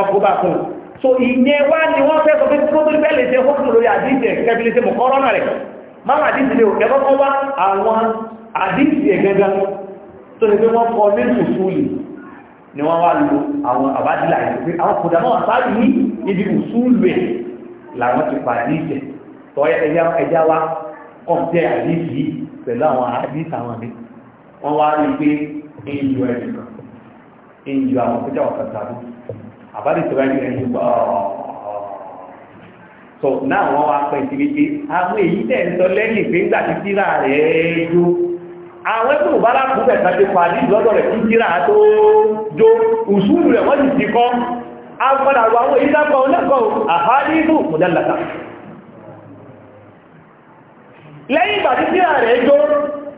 kó bá wọn so ìyẹn wá ni wọ́n fẹ́ sọ pé kó tó fẹ́ lè ṣe fóònù lórí àdíṣe kẹfì lè ṣe mọ̀ kọ́rọ́nà rẹ̀ máa àdíṣe lè ẹ̀kọ́ kan wá àwọn àdíṣe gẹ́gẹ́ tó lè pé wọ́n kọ ní ìsúlì ni wọ́n wá lo àwọn àbájílà ìpé àwọn kòdà náà sáàrì ní ibi ìsúlù ẹ̀ làwọn ti pa àdíṣe tó ẹjá wá kọ̀ǹtẹ́ àdíṣe yìí pẹ̀lú àwọn àdíṣe àwọn mi wọ́n wá rí pé ń yọ ẹ̀dùn àwọn pẹ́jà ọ̀kan àbádé tó bá yẹ ẹni gbọ́ so náà wọ́n wá pẹ́ ti wípé àwọn èyí tẹ̀ ń sọ lẹ́yìn pé ńgbà tí tíra rẹ̀ jó àwọn tó bá lápò bẹ̀ tàbí pàdé lọ́dọ̀ rẹ̀ tí tíra tó jó ùsùlù rẹ̀ wọ́n sì ti kọ́ agbọ́dà wọ àwọn èyí dákọ̀ onákọ̀ àhádìbò mọ̀dálàtà lẹ́yìn ìgbà tí tíra rẹ̀ jó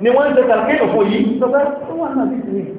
ni wọ́n ń tẹ̀sàkéèkò yìí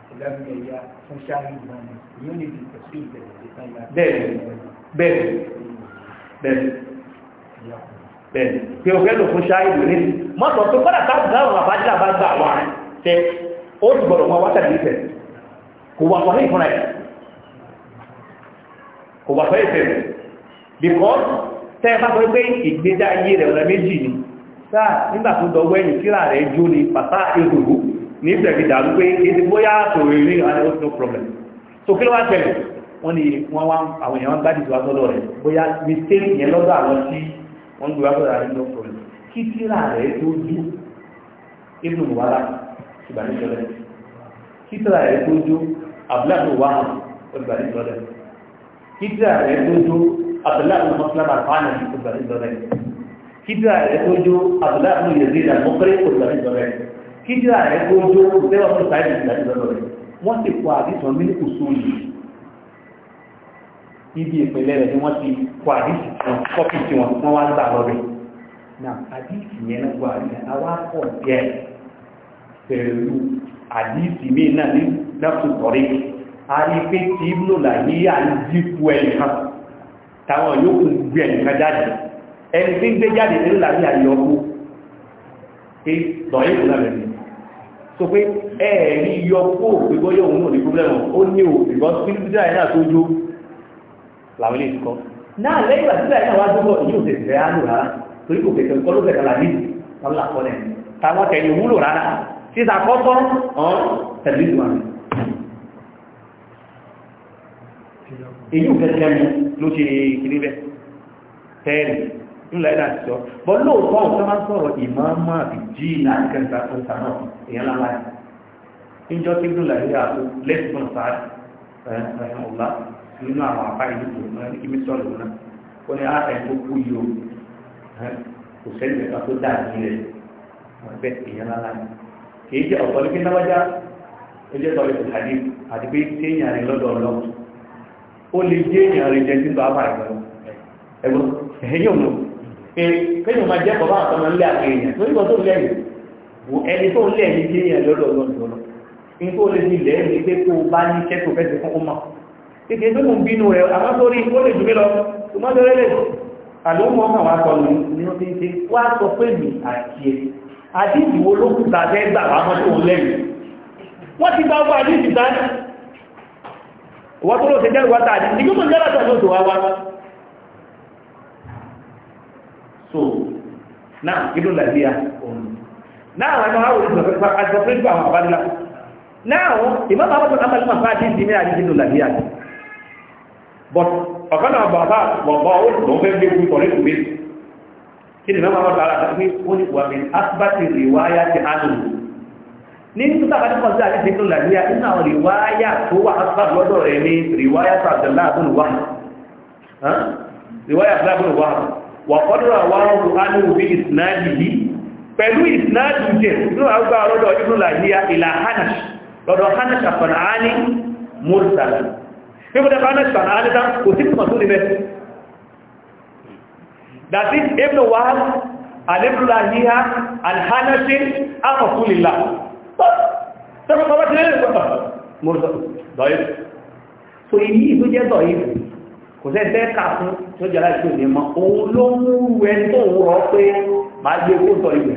ìlàmìyà fún ṣáàrí ìgbàmù yóò ní ti pẹ̀sí ìbẹ̀rẹ̀ ìtàlá bẹ́ẹ̀ bẹ́ẹ̀ bẹ́ẹ̀ bẹ́ẹ̀ pé òfẹ́ lò fún ṣáàrí ìlú nílùú mọ́tò tó kọ́dà táàbùdáàrùn àbájá bá gbà wà tẹ ó ti kò wà pọ̀ ìfẹ́ rẹ̀ because tẹ́ ẹ bá sọ pé ìgbésí ayé rẹ̀ rẹ̀ méjì ni sáà nígbà tó dọ̀wọ́ ẹ̀yìn síra rẹ̀ jó ni pàtà ìdòwò ní ìtẹ̀lẹ̀ dàrú pé èdè bóyá sòrò ìrí àwọn ọ̀sán problem so kí ló wá tẹ̀lẹ̀ wọ́n ní wọ́n wá àwọn èèyàn gbádìí tó wá rẹ̀ bóyá mistake yẹn lọ́dọ̀ àwọn tí wọ́n ń gbé wá sọ́dọ̀ àríwá problem kí tíra rẹ̀ tó dú ibùdó wàhálà ìbànújọ́lẹ̀ kí tíra rẹ̀ tó dú abúlé wàhálà ìbànújọ́lẹ̀ kí tíra rẹ̀ tó dú abúlé mọ́sálàmà fáànà ìbànújọ́lẹ̀ kí tíra rẹ̀ tó dú abúlé kíndìrà rẹ̀ gbójó lẹ́wọ̀n tó sáyẹ̀ ìgbàdì lọ́dọ̀ rẹ̀ wọ́n sì kọ àdìsàn mílíkù sóòlù ibi ìpínlẹ̀ rẹ̀ ni wọ́n ti kọ àdìsàn kọ́pì tí wọ́n wọ́n wá gbà lọ́rẹ̀ náà àdìsàn yẹn náà kọ àdìsàn àwa pọ̀ díẹ̀ pẹ̀lú àdìsàn míì náà ní náà tọ̀rí a rí pé tí ló là ní à ń dínkù ẹnìkan táwọn yóò kún gbé ẹnìkan jáde ẹni tí ń gbé jáde nílò làbí àyọkú pé lọ́yẹ̀ kò náà rẹ̀ so pé ẹ̀ẹ̀rí yọ kó gbígbọ́ yóò náà ní púpọ̀lẹ́mù ó ní o ìgbọ́ sílùdíà ẹ̀nà tó jó làwọn ilé ìkọ́ náà lẹ́yìn ìgbà sílùdíà ẹ̀nà wá dúró ìyí ò tẹ̀sẹ̀ á lò rárá torí kò kẹ̀kẹ́ kọ́ ló kẹ̀kẹ́ làbí tàbí làkọ́lẹ̀ táwọn tẹ̀lé wúlò rárá síta kọ́kọ́ ọ̀n tẹ̀lé ìwà rẹ̀ èyí ò kẹ̀kẹ́ mi ló ṣe kiri bẹ́ẹ̀ tẹ́ẹ̀lì ńlẹ̀ náà sọ bọ́ lóòótọ́ ọ̀sán máa ń sọ̀rọ̀ ìmọ̀ọ́mọ́ àti jíìnà kẹta tó ń sanà èèyàn lára ẹ̀ ńjọ́ tí dùn láyé àtò lẹ́sìbọ̀n sáà ọ̀la nínú àwọn apá ìlú ìmí sọ̀rọ̀ náà ó ní àtẹ̀ tó kú yìí o kò sẹ́yìn ẹ̀ka tó dà ní rẹ̀ wọ́n bẹ́ èèyàn lára ẹ̀ kìí jẹ́ ọ̀pọ̀ nípa náwájá ẹjẹ́ sọ̀rọ̀ ìtò àdé àti pé pé kéèyàn máa jẹ́ bàbá àtọmọ ilé àwọn èèyàn lórí tó ń lẹ́yìn wò ẹni tó ń lẹ́yìn kí èèyàn lọ́dọ̀ lọ́dọ̀ ní tó lè ní ilẹ̀ ní pé kó bá ní iṣẹ́ tó fún ọmọ tó lọ tó má rẹ́lẹ̀ àlọ́ mọ́ wá sọ ní ní ti ń ṣe wá sọ pé mi àti àdíjì wo ló náà ìlú làbíyà náà wọn máa wò àjọpẹ́jú àwọn àbádìlá náà ìmọ̀ máa wọ́n àmàlì máa fàájì ìdí ní àdí ìlú làbíyà but ọ̀kan náà bàbá bọ̀bọ̀ ó lọ fẹ́ gbé kú tọ̀rẹ́ kùgbé kí ni mẹ́wàá wọ́n tààrà pé ó ní wà mí asibati rìwáyà ti hàn nù ní nígbà tí wọ́n sí àdí ìlú làbíyà nínú àwọn rìwáyà tó wà asibati lọ́dọ̀ rẹ̀ ní rìwáyà tó àbdàlá àbúrò wà wàkọ́dọ̀rọ̀ àwọn alóòbí ìsìnáàdì yìí pẹ̀lú ìsìnáàdì jẹ́ inú àgbà ọlọ́dọ̀ ibùn làjíyà ìlà hanash lọ́dọ̀ hanash àfànàání mọ́rùsàlá ibùdó hanash àfànàání tán kò sí túnmọ̀ tó rí bẹ́ẹ̀ dàtí ibùn wahab alébùn làjíyà alhanashi akọ̀kúlìlá sọ́kọ̀kọ̀ bá ti lé kò sẹ́sẹ́ kà fún tó jẹ́ láti òní mọ́ òun ló ń rú ẹ tó ń rọ pé máa gbé kó tọ́ ìwé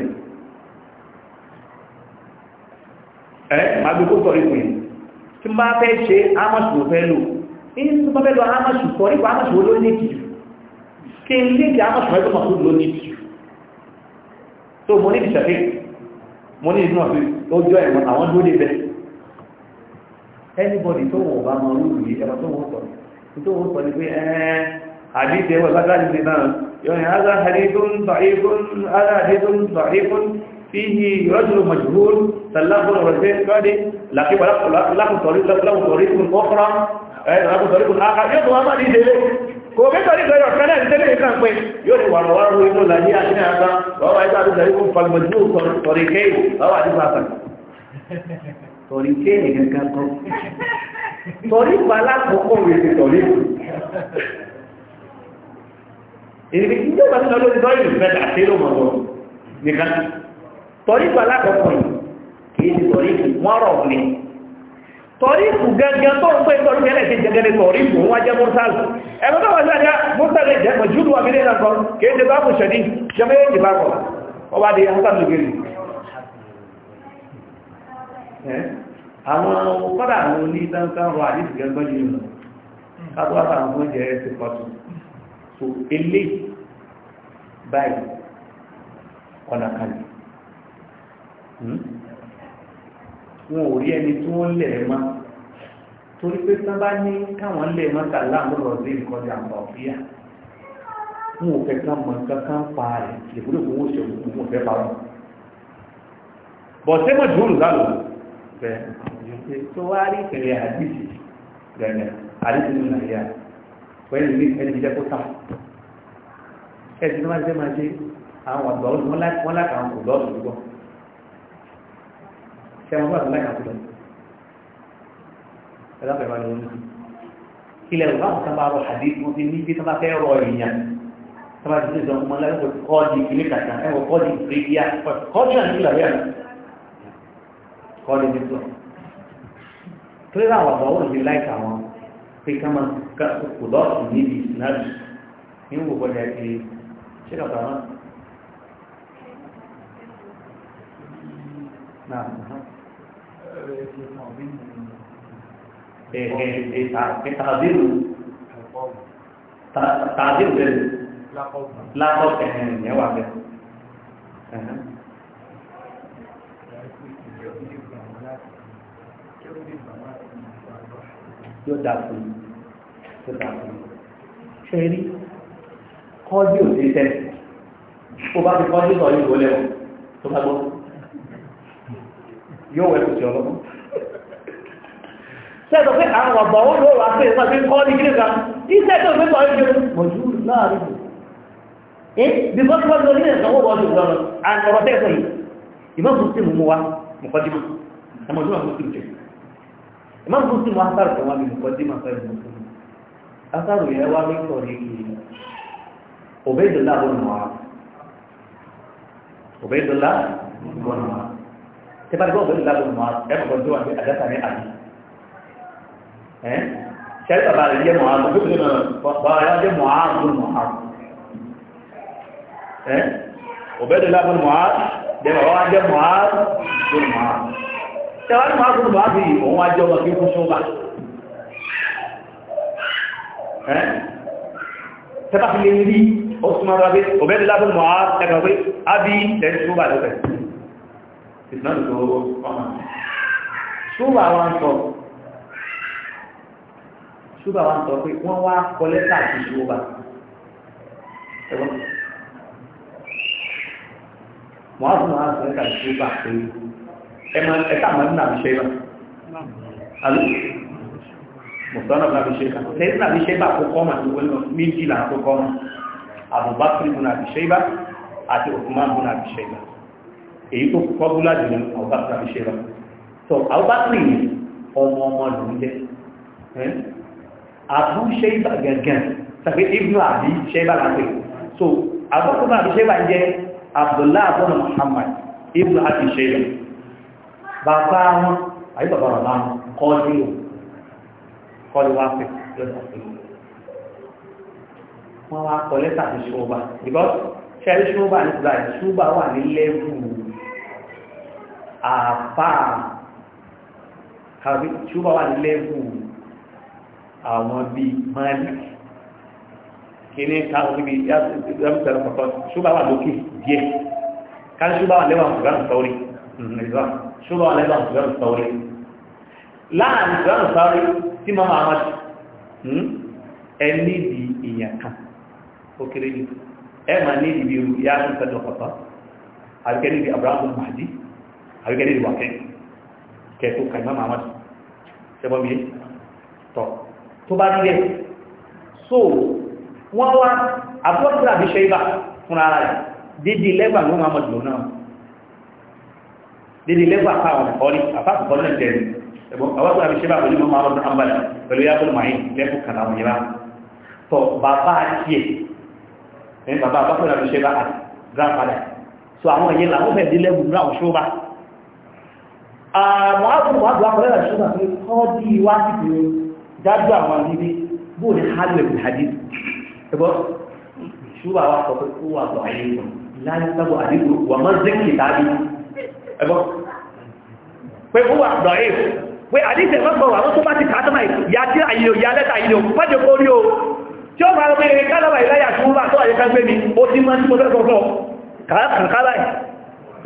ẹ máa gbé kó tọ́ ìwé tí mo bá fẹ́ ṣe ámọ̀sù mo fẹ́ lò ní tí mo fẹ́ lọ ámọ̀sù tọ́ nípa ámọ̀sù ló ní ìtìjú kí n lè kí ámọ̀sù rẹ̀ tó mọ̀ tó ló ní ìtìjú tó mo ní ìṣẹ̀fẹ́ mo ní ìdúnà pé ó jọ ẹ̀wọ̀n àwọn tó dé bẹ́ẹ̀ anybody tó wọ̀ bá mọ̀ lórí ẹ̀wọ̀n tó wọ̀ sọ̀rọ̀ tó wọ́n sọ ní pé ẹ́ẹ́ àdíjẹ́ wọ́n látàrí ní náà yọ̀nyìn aza hadithun da'ifun aza hadithun da'ifun fihi rajul majhul sallafun rajul kadi laki wa lakun tariq lakun tariq ukhra eh lakun tariq akhar yo wa ma di dele ko be tariq yo kana di dele kan pe yo ni wa wa ru ibn lahi ajna aza wa wa ida tariq fal majhul tariqay wa wa di fa tariqay kan tọ̀rí ìgbà alákọ̀ọ́kọ́ rẹ̀ ti tọ̀rí ìlú èrè ìjọba tí lọ́lọ́ ìjọba ìlú fẹ́ àti ìlú mọ̀lọ́ nìkan tọ̀rí ìgbà alákọ̀ọ́kọ́ yìí kìí ti tọ̀rí ìlú wọ́n rọ̀ tọ̀rí ìlú gẹ́gẹ́ tó ń pẹ́ tọ̀rí ìlú ti gẹ́gẹ́ tọ̀rí ìlú wọ́n jẹ́ mọ́sálù ẹ̀rọ tó wà ní àjá mọ́sálù jẹ́ mọ̀ júlù àmìlẹ̀ náà kọ́ àwọn kọ́dà àwọn onídáńkán rọ àdíjì gẹ́gbọ́n yìí lọ káàkiri àtàwọn fún jẹ́ ẹ̀ẹ́sì pọ̀tù so elé báyìí ọ̀nà kalẹ̀ hmm? wọn ò rí ẹni tí wọ́n lẹ̀ ẹ́ mọ́ torí pé tán bá ní káwọn lẹ̀ mọ́ tàlá àmúlọ̀ sí nǹkan jàǹbá òfíà wọn ò fẹ́ kán mọ kankan bẹ́ẹ̀ tó wá rí ìpìlẹ̀ àdìsí gẹ̀gẹ̀ àdìsí nínú nàìjíríà pẹ̀lú ní ẹni jẹ́ kó tà ẹ̀sìn tó máa ṣe máa ṣe àwọn àgbà ọ̀dọ́ wọn láka àwọn ọ̀dọ́ ọ̀dọ́ gbọ́ ṣe wọn bá wọn láka àwọn ọ̀dọ́ ẹ̀ lápẹ̀ máa ní wọn ní ilẹ̀ ìwà àwọn sábà rọ àdìsí wọn ti ní bí sábà fẹ́ rọ èèyàn sábà ti ṣe ìdánwò mọ́ láyé kọ́ọ̀dì ìpínlẹ̀ kàkà ẹ̀wọ̀ kọ́ọ̀dì ìpínlẹ̀ kọ́ọ̀dì àti kọ́ọ̀dì nítorí torí àwọn àgbà wọn ti láìka wọn pé ká máa kò lọ́ọ̀tù níbi ìsìnàbì ní wò bọ́jà ti eh, kàtà náà. Tàbíru tàbíru bẹ́ẹ̀ lápọ̀ ẹ̀yẹn wà bẹ́ẹ̀. yóò dà fún yóò dà fún ṣe rí kọ́dí ò sí tẹ́lẹ̀ ó bá ti kọ́dí sọ yóò lẹ́wọ̀ tó bá gbọ́ yóò wẹ̀ kùtì ọlọ́mọ. sẹ́dọ̀ pé àwọn ọ̀gbọ̀n ó lò wá sí ìpàdé kọ́dí kí nìkan ní sẹ́dọ̀ pé kọ́dí jẹ́ mọ̀jú láàrin ẹ̀ bí kọ́dí kọ́dí lórí ẹ̀sán ó wọ́n ti gbọ́n àti ọ̀rọ̀ tẹ́ẹ̀sán yìí ìmọ̀ imam muslim wa asar kan wa min muqaddima sahih muslim asaru ya wa min tariqi ubaydullah bin mu'az ubaydullah bin mu'az tẹ́bàdì gbọ́ ubaydullah bin mu'az ẹ kọ̀kọ́ tó wà ní àdáta ní àdí ẹ́ ṣẹ́rí bàbá rẹ̀ jẹ́ mu'az tó fi nà bàbá rẹ̀ jẹ́ mu'az bin mu'az ẹ́ ubaydullah bin mu'az jẹ́ bàbá wa jẹ́ mu'az bin mu'az tẹwàá ní máa fún bá bí òun wájọ ọmọ kí fún ṣúgbà tẹbà fi lè rí ọsùnmọ́ rábé ọ̀bẹ́dẹ̀ lábẹ́ mọ́ ẹgbẹ̀ pé a bí lẹ́rí ṣúgbà lọ́pẹ̀ ṣúgbà wọn sọ pé wọ́n wá kọ lẹ́tà sí ṣúgbà ẹ̀wọ́n mọ́ á fún wọn sọ lẹ́tà sí ẹ̀ka àmà nínú àbíṣẹ́ ibà àlú mọ̀sánà fún àbíṣẹ́ ibà lẹ́yìn náà àbíṣẹ́ ibà àkókò ọmọ àti wọlé méjìlá àkókò ọmọ àbúbákiri fún àbíṣẹ́ ibà àti òkúmán fún àbíṣẹ́ ibà èyí tó kọ́ búlá jùlọ àbúbákiri àbíṣẹ́ ibà tó àbúbákiri yìí ọmọ ọmọ ló ibnu àbíṣẹ́ ibà láti so àbúkọ́ àbíṣẹ́ ibà jẹ́ Abdullah ibn Muhammad ibnu àbíṣẹ́ ibà bàbá wọn àyè bàbá bàbá wọn kọ́ sí o kọ́ ló wá pè lọ́sà pé wọ́n wá kọ́ lẹ́tà sí ṣọ́ọ̀bà because ṣẹ́rí ṣọ́ọ̀bà ní ìgbà ṣọ́ọ̀bà wà ní lẹ́wù àfà àbí ṣọ́ọ̀bà wà ní lẹ́wù àwọn bíi malik kìíní káwọn níbi yàtọ̀ ṣọ́ọ̀bà wà lókè díẹ̀ káṣọ́ọ̀bà wà lẹ́wà ọ̀gá nǹkan orí nìgbà ṣùgbọ́n alẹ́ bá ṣùgbọ́n sọ̀rí láàrin ṣùgbọ́n sọ̀rí tí mọ́ máa wájú ẹni di èèyàn kan ó kéré jù ẹ máa ní ibi irú yá ń sẹ́dọ̀ pàpà àbíkẹ́ níbi abraham mahdi àbíkẹ́ níbi wàkẹ́ kẹ́ẹ̀kọ́ kàìmá máa wájú ṣẹbọ́ mi tọ̀ tó bá nílẹ̀ so wọ́n wá àbúrò àbíṣẹ́ ibà fúnra rẹ̀ dídí lẹ́gbàá ló máa mọ̀ jùlọ náà dédé lẹ́gbà àfáwọn ọ̀rí àfáàkùkọ́ náà jẹ́ àwọn àbí ṣe bá pẹ̀lú mọ́ márùn àmbàlà pẹ̀lú yàtọ̀ màáyìn lẹ́kù kàlàmù yìí tọ bàbá tiẹ̀ ní bàbá àbáfẹ́ àbí ṣe bá grandfather so àwọn èyí làwọn fẹ́ dé lẹ́gbù ní àwọn ṣó bá àwọn àbùkù àbùkù àkọlẹ́ rẹ̀ ṣó bá pé kọ́ bí wá sí pé dájú àwọn níbi bó ní hálù ẹ̀bùn hadí ẹ̀bọ́ ṣó bá wà sọ pé láyé sábọ̀ àdínkù wà mọ́ ẹ̀gbọ́n pé ó wà dọ̀ẹ́ pé àdíṣẹ́ mọ́gbọ̀n wà tó bá ti kàtàmà ìyá tí àyíyò ìyá lẹ́ta àyíyò pẹ́jọ kórí o tí ó máa rọ̀gbẹ̀ kálàbà ìláyà tó wà tó àyíká gbé mi ó ti máa tí mo fẹ́ sọ kàkàkàlà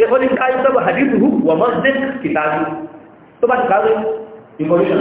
ẹ̀ ó ní káyí sọ́bọ̀ àdíṣù wà mọ́ dé kìtàdù tó bá ti kàwé information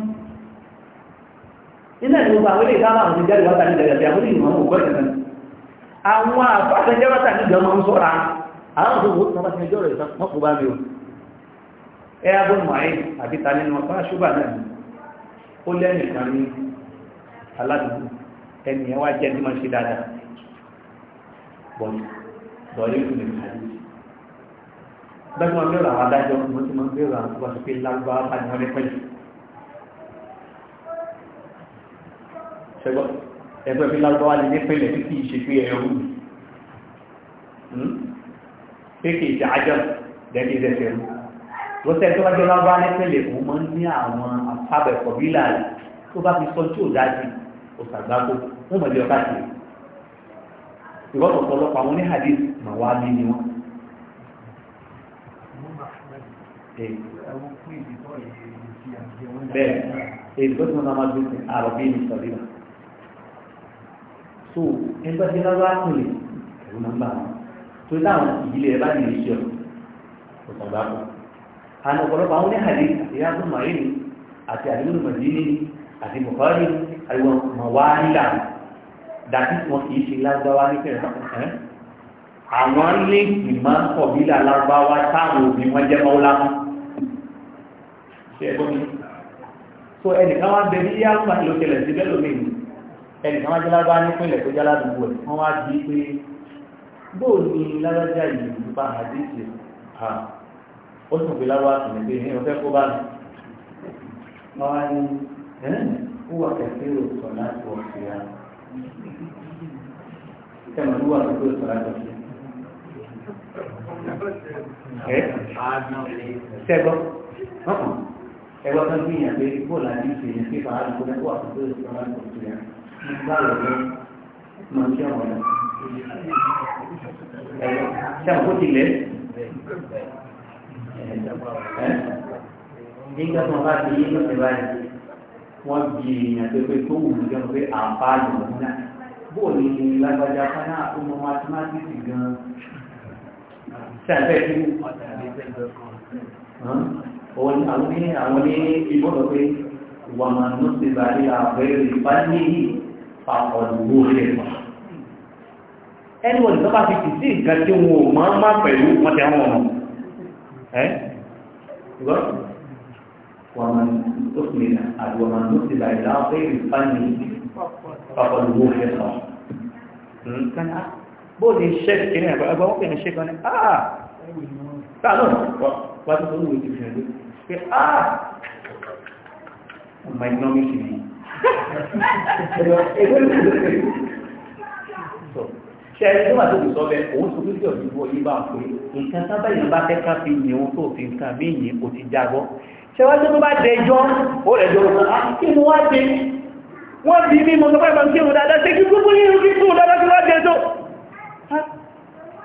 iná ìlú pa àwọn ilé ìsáàmà àwọn ìjẹ́rìí wátà ní ìjẹ́rìí àwọn ìlú àwọn òkú ẹ̀sẹ̀ àwọn àfàṣẹjẹ́ wátà ní ìjọba ń sọ́ra àwọn òṣòwò tó bá ti ẹjọ́ rẹ̀ mọ́kù bá mi o ẹ abó mọ̀ẹ́ àti ta nínú ọ̀pá ṣúgbà náà ó lẹ́nu kan ní aládùúgbò ẹni ẹ wá jẹ́ ní máa ṣe dáadáa bọ́ọ̀lù bọ́ọ̀lù ìlú nìkan ṣẹgbọ́n ẹgbẹ́ fi lágbọ́wá lè nípìnlẹ̀ tí kìí ṣe pé ẹrú pé kìí ṣe ajọ́ dẹ́kì ìdẹ́sẹ̀ rú lọ́sẹ̀ tó bá jẹ́ lágbọ́wá nípìnlẹ̀ òun máa ń ní àwọn àfábẹ̀ kọ̀bílà rẹ̀ tó bá fi sọ tí ò dájú òṣàgbákò wọ́n mọ̀ lé ọ̀ká sí i ìwọ́n ọ̀pọ̀lọpọ̀ àwọn ní mà wá bí ni wọ́n. bẹ́ẹ̀ èyí tó ti mọ̀ náà máa gbé àròbí ní náà tó ẹgbẹ́ tí lọ́wọ́ àtúnlẹ̀ ẹ̀rù máa ń bà wọ́n tó dáhùn ìdílé ẹ bá ní ilé iṣẹ́ ọ̀ ọ̀sán bá kọ́ àwọn ọ̀pọ̀lọpọ̀ àwọn oníhàlẹ́ àti yàtọ̀ màáyìn àti àdúgbò màdínì àti bùkọ́rí àwọn màwáyà dàbí wọn kì í ṣe lágbáwá ní fẹ́rẹ̀ ẹ́ àwọn léèkì máa pọ̀ bí lálágbáwá táwọn òbí wọn jẹ́ mọ́lá ṣe ẹgbọ́n mi so ẹnìkan wá bẹ ní yàtọ̀ ẹnì kan wájú lábá nípìnlẹ̀ tó já ládùúgbò ẹ̀ wọ́n wá di pé bóò ní lábájá yìí nípa àdéhìí ha ó sì pé láwá sì ní pé ní ọ̀fẹ́ kó bá mi. wọ́n wá ní ó wà kẹ̀kẹ́ rò sọ láti ọ̀sẹ̀ ya kẹ́mọ̀ ló wà kẹ̀kẹ́ rò sọ ẹgbọ́n tó ń gbìyànjú pé bóòlù àdéhìí ní pípa àdúgbò náà wà kẹ̀kẹ́ rò sọ mọ̀ nígbà tó bá ti yí lọ́sẹ̀ báyìí wọ́n di èèyàn tó pé tó wù mí pé àǹfà náà bó ni lágbájá fáná àkómọ mátímátìsì gan ṣàfẹ́ tí òun àwọn ní àwọn ní ìbọ̀dọ̀ pé wàmà ló ti bàlẹ́ àbẹ̀rẹ̀ ìbánilẹ́yìn pàpọ̀lúwò rẹ̀ mọ̀. ẹni wọ́n ìjọba ti fi sí nǹkan tí wọn ò máa má pẹ̀lú wọn tẹ́ wọn mọ̀ ẹ́ ṣùgbọ́n wọn máa tó fi nà àdúrà máa tó ti láì láwọn fẹ́ ìfàní pàpọ̀lúwò rẹ̀ mọ̀. Hmm? bóòdì iṣẹ́ kìíní àgbà wọ́n kìíní ṣe kan ní àà ah! ti sọ ṣe ẹni tó bá tóbi sọ bẹ òun tó tó tó ìbò yìí bá ń pè nǹkan sábà yìí bá fẹ́ ká fi yìn òun tó fi nǹkan bí yìn kò ti jágbọ́ ṣe wá tó tó bá dẹjọ́ ó rẹ̀ jọ òun á ah, kí mo wá ṣe wọ́n bí mi mo sọ fẹ́ fẹ́ kí ah, mo dáadáa ṣe kí gbogbo yìí fi kú dáadáa fi wá dẹjọ́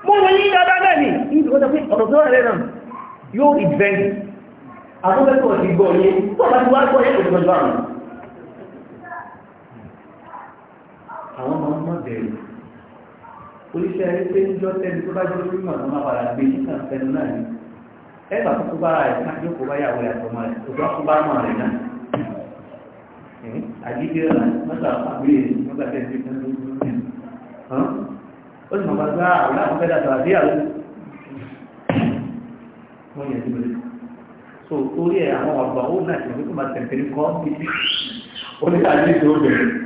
mo wọ yín dáadáa náà ni ọ̀rọ̀ tó rẹ̀ náà yóò ìgbẹ́ni àbúkẹ́kọ̀ọ́ ti gbọ́ yé tó bá ti wá gbọ́ yẹ àwọn ọmọ ọmọ bẹ̀rù oníṣẹ́ ẹni pé ń jọ tẹ́ni tó bá jẹ́ orí mọ̀ ọmọ àpàlà gbé nígbà tẹnu náà ni ẹgbà tó kó bára rẹ̀ ká yóò kó bá yàwó rẹ̀ àtọmọ rẹ̀ òjò kó bá mọ̀ rẹ̀ náà àgídé rẹ̀ mọ́tà àgbé nígbà tẹ́ni tó tẹ́ni tó tẹ́ni ó sì mọ̀ bá gbá àwọn àwọn fẹ́ẹ́ dàtọ̀ àbí wọ́n yẹ so orí ẹ̀ àwọn ọ̀gbà ó náà ti wọ́n tó máa tẹ̀lé kọ́ ó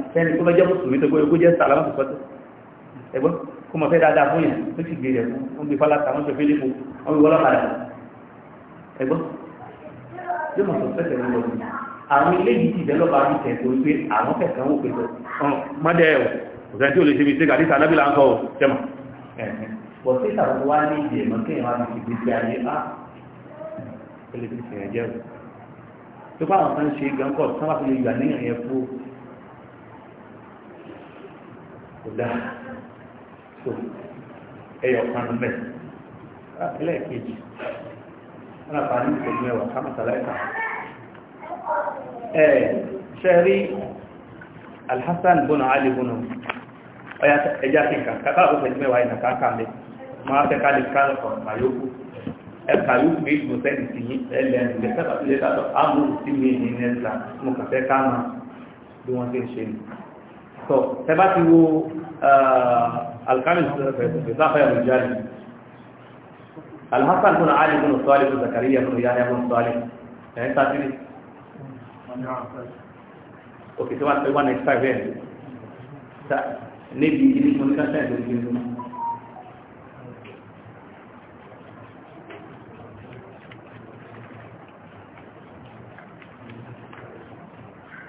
fẹ́ni tó lọ́jọ́ mùsùlùmí tó gbé jẹ́ sàlámà tó sọ́tọ̀ ẹgbọ́ kó mọ̀ fẹ́ dáadáa fún yẹn tó sì gbé rẹ̀ fún wọn bí fálátà wọn tó fi lépo wọn bí wọ́lọ́pàá rẹ̀ ẹgbọ́ yóò mọ̀ tó fẹ́sẹ̀ ń lọ sí àwọn ilé yìí ti dẹ́lọ́pà ní tẹ̀sán wípé àwọn kẹsàn-án wò pé sọ mọ́dẹ ẹ̀ kò sẹ́ni tí ò lè ṣe bí ṣe gàdí sàlábì là ń sọ tẹ́mọ̀ bọ̀ sí ìtàkùn wá ní ìdí ẹ̀mọ́ kéèyàn wá fi gbèsè ayé á tó bá àwọn kan ṣe gan kọ̀ bá fi lè yà níyàn yẹn kò dáa so ẹyọ kan mẹ ah, ẹlẹ́ẹ̀kejì alábàá ní ìṣẹ́jú ẹwà kámọ̀tàlẹ́ta ẹ ṣẹ́rí alhassan bọ́nà alìbọ́nà ọya ẹjá kíkà kátà ó ṣẹ́jú ẹwà ìnà káàkà mẹ́ máa fẹ́ káàlì káàkọ̀ mayókù ẹ̀ka yóò fi ìgbò sẹ́ni sí ẹlẹ́ ẹ̀lẹ́ sẹ́kàtúlẹ̀ sátọ̀ ámú sí mi ní ẹ̀ta mo kàfẹ́ káàmà bí wọ́n ti ń ṣe nìkan tó tẹ́bá ti wo alkamin ìsáfẹ́ ìjọ́lì alhassan fún àálì fún ọ̀sọ́lẹ̀ fún zakariya fún ìyáyà fún ọ̀sọ́lẹ̀ ẹ̀yìn sátírì òkè tí wọ́n tẹ́ wọ́n next five years níbi ilé communication ẹ̀dọ́ ìgbé ìgbé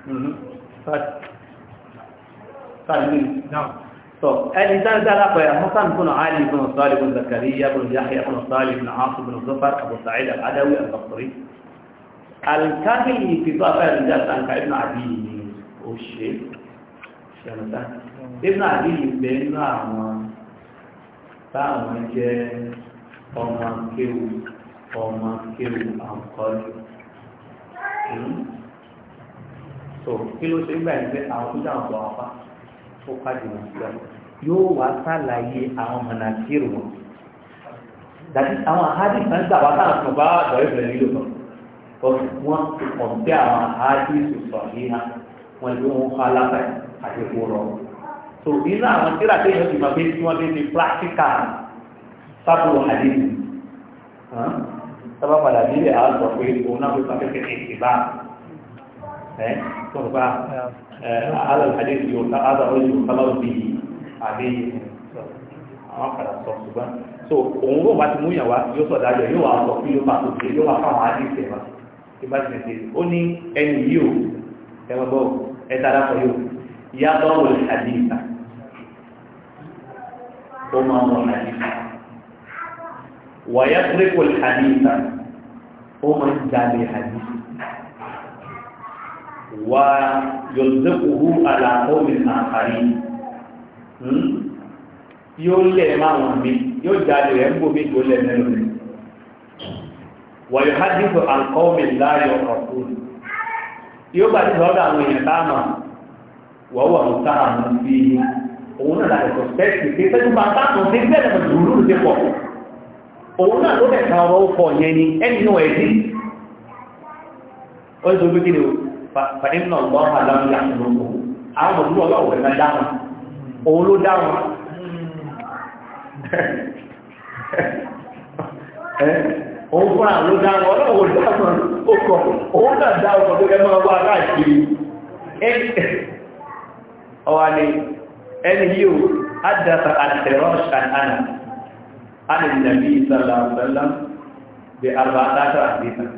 Mm-hmm. But فاهمين نعم طب الإنسان ده لا فيا مثلا يكون عالي بن صالح بن زكريا بن يحيى بن صالح بن عاصم بن زفر أبو سعيد العدوي البصري الكافي في طرف الرجال كان ابن عدي وشي شمتا ابن عدي بين عمان táwọn jẹ́ ọmọ kéwù ọmọ kéwù àǹkọ́jú so kí ló ṣe gbà yín pé àwọn tó dà ń bọ̀ apá tó kájú wọn sílẹ̀ yóò wá sàlàyé àwọn mọ̀nàkìrì wọn dàbí àwọn àhádì kan gbà wá táwọn kan bá bọ̀rẹ́ bẹ̀rẹ̀ nílò lọ wọn ti kọ̀ǹpẹ́ àwọn àhádì sọ̀rọ̀ yìí wọn ló ń fa lábẹ́ àti ìkóró so inú àwọn tíra tó yẹ kí wọn fi tí wọn fi fi pírátíkà sábò àdéhùn sábà padà nílé àwọn sọ pé òun náà fi pàtẹ́kẹ́ ìbá ẹ̀ tó ń bá هذا الحديث هذا الرجل يعتبر به عليه àwọn padà sọ ṣùgbọ́n so òun ló bá ti mú ìyàwó yóò sọ dájọ yóò wá sọ fún yóò bá tó ṣe yóò wá fáwọn àdìsẹ wa tí bá ti ṣe ó ní ẹni yìí o ẹwọn bọ yóò ìyá bá wọlé àdìsà ó máa ń wọlé àdìsà wàyà péré wọlé ó máa ń jalè àdìsà wa yọ̀lùdẹ́kùhù àlàkọ́ mi àkàrí yóò lẹ̀ máa wọ̀n mi yóò jáde rẹ̀ ń bò mí tó lẹ̀ mẹ́rin rẹ̀ wa yóò hádìsọ àkọ́ mi láàyò ọ̀kọ́ yóò bá ti sọ́dọ̀ àwọn èèyàn bá mà wọ́n wà mú sáà mú sí òun náà láti sọ pé pẹ́ẹ́sì máa táàkùn sí bẹ́ẹ̀ lọ́mọ dùrú ti pọ̀ òun náà ló bẹ̀ẹ̀ kan ọ̀rọ̀ ó yẹn ni ẹni náà ẹ̀ fàdín náà lọ́ àdáwọn ìyá ìlú àwọn ọmọdé ọlọ́wọ̀ ẹ̀mẹ́ dáwọn òun ló dáwọn eh? òun fúnra ló dáwọn ọlọ́wọ̀ dáwọn ọkọ̀ òun náà dáwọn ọkọ̀ tó ẹmọ́ ọgbà káàkiri ọwà ni ẹni yíò adàtà àtẹ̀rọ̀ ṣàtàna alìlẹ̀bí ìsàlàmùsàlám bí àrùbà àtàtà àdìsàn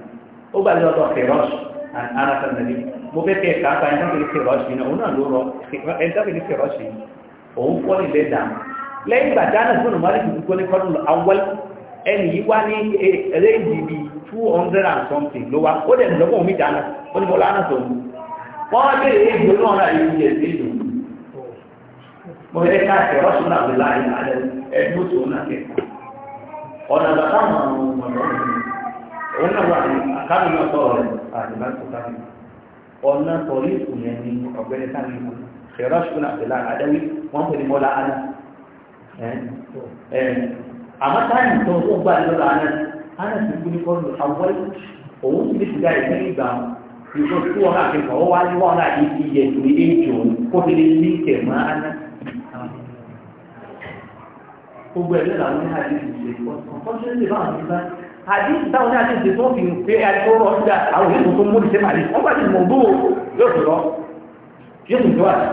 ó gbà lọ́dọ̀ kẹrọ́ṣù عن أنس النبي mo fẹ́ kẹ́ ẹ̀ka ta ẹ̀ńtọ́ fèlè kẹrọ́ọ̀ṣì náà òun náà ló rọ ẹ̀ńtọ́ fèlè kẹrọ́ọ̀ṣì òun kọ́ nílẹ̀ dàm lẹ́yìn ìgbà dáná fún ọmọdé tuntun kọ́ ní kọ́dún awọ́l ẹni yìí wá ní ẹ̀rẹ́ǹdì bíi two hundred and something ló wá ó dẹ̀ ǹdọ́gbọ̀n omi dáná ó ní mo lánà tó ń wọ́n bèrè èèyàn náà náà yóò yẹ sí ìlú mo fẹ́ ká kẹrọ́ọ̀ṣì náà lọ láàyè ọ̀nà òun náà wà ní àkàmì náà ọ̀nà sọ̀rí ìkùn ní ọ̀gbẹ́ni sáà ní ṣẹ̀rọ ṣùgbọ́n àbẹ̀lá àdáwí wọ́n pè ní mọ́lá àná àmọ́ tó tó gbà ní lọ́la àná ti kú ní kọ́ọ̀lù àwọn òun ti ti dáì ní ìgbà àdìsí táwọn ní àdìsí tó fi hàn pé ẹni tó rọ ọjà àwọn èèyàn tó mú ìṣẹ́ màdì wọ́n bá ti mọ̀ bó yóò tó lọ yóò tó lọ àti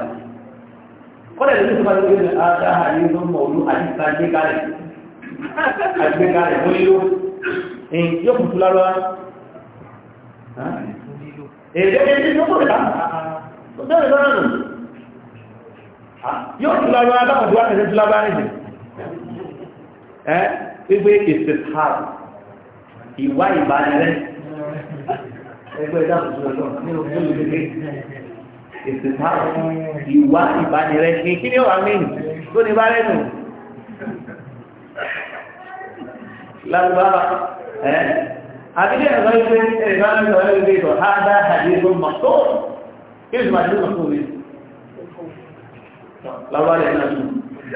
kọ́lẹ̀ lórí tó bá lórí rẹ̀ àti àyè tó mọ̀ olú àdìsí tá gbé kalẹ̀ àgbé kalẹ̀ mú lílo yóò kùtù lárọ́ èdè ẹni tó kọ̀ lẹ́ta tó tẹ́lẹ̀ lọ́rọ̀ nù yóò tù lárọ́ adáwọ̀ tó wá tẹ̀lé tù lárọ́ ìwá ìbánirẹ́ ẹgbẹ́ ìdáàbòbò ẹ̀rọ ní ojú ìdílé ìsìnká ìwá ìbánirẹ́ ní kí ni ó wà mẹ́yìn tó ní bá rẹ́nu lágbára ẹ́ àbílẹ̀ ẹ̀rọ ìgbé ẹ̀rọ ìgbé ẹ̀rọ ìgbé ìtọ̀ ha dá àdéhùn tó mọ̀ tó kí ni ìsìnká àdéhùn tó mọ̀ tó rí lágbára ẹ̀ náà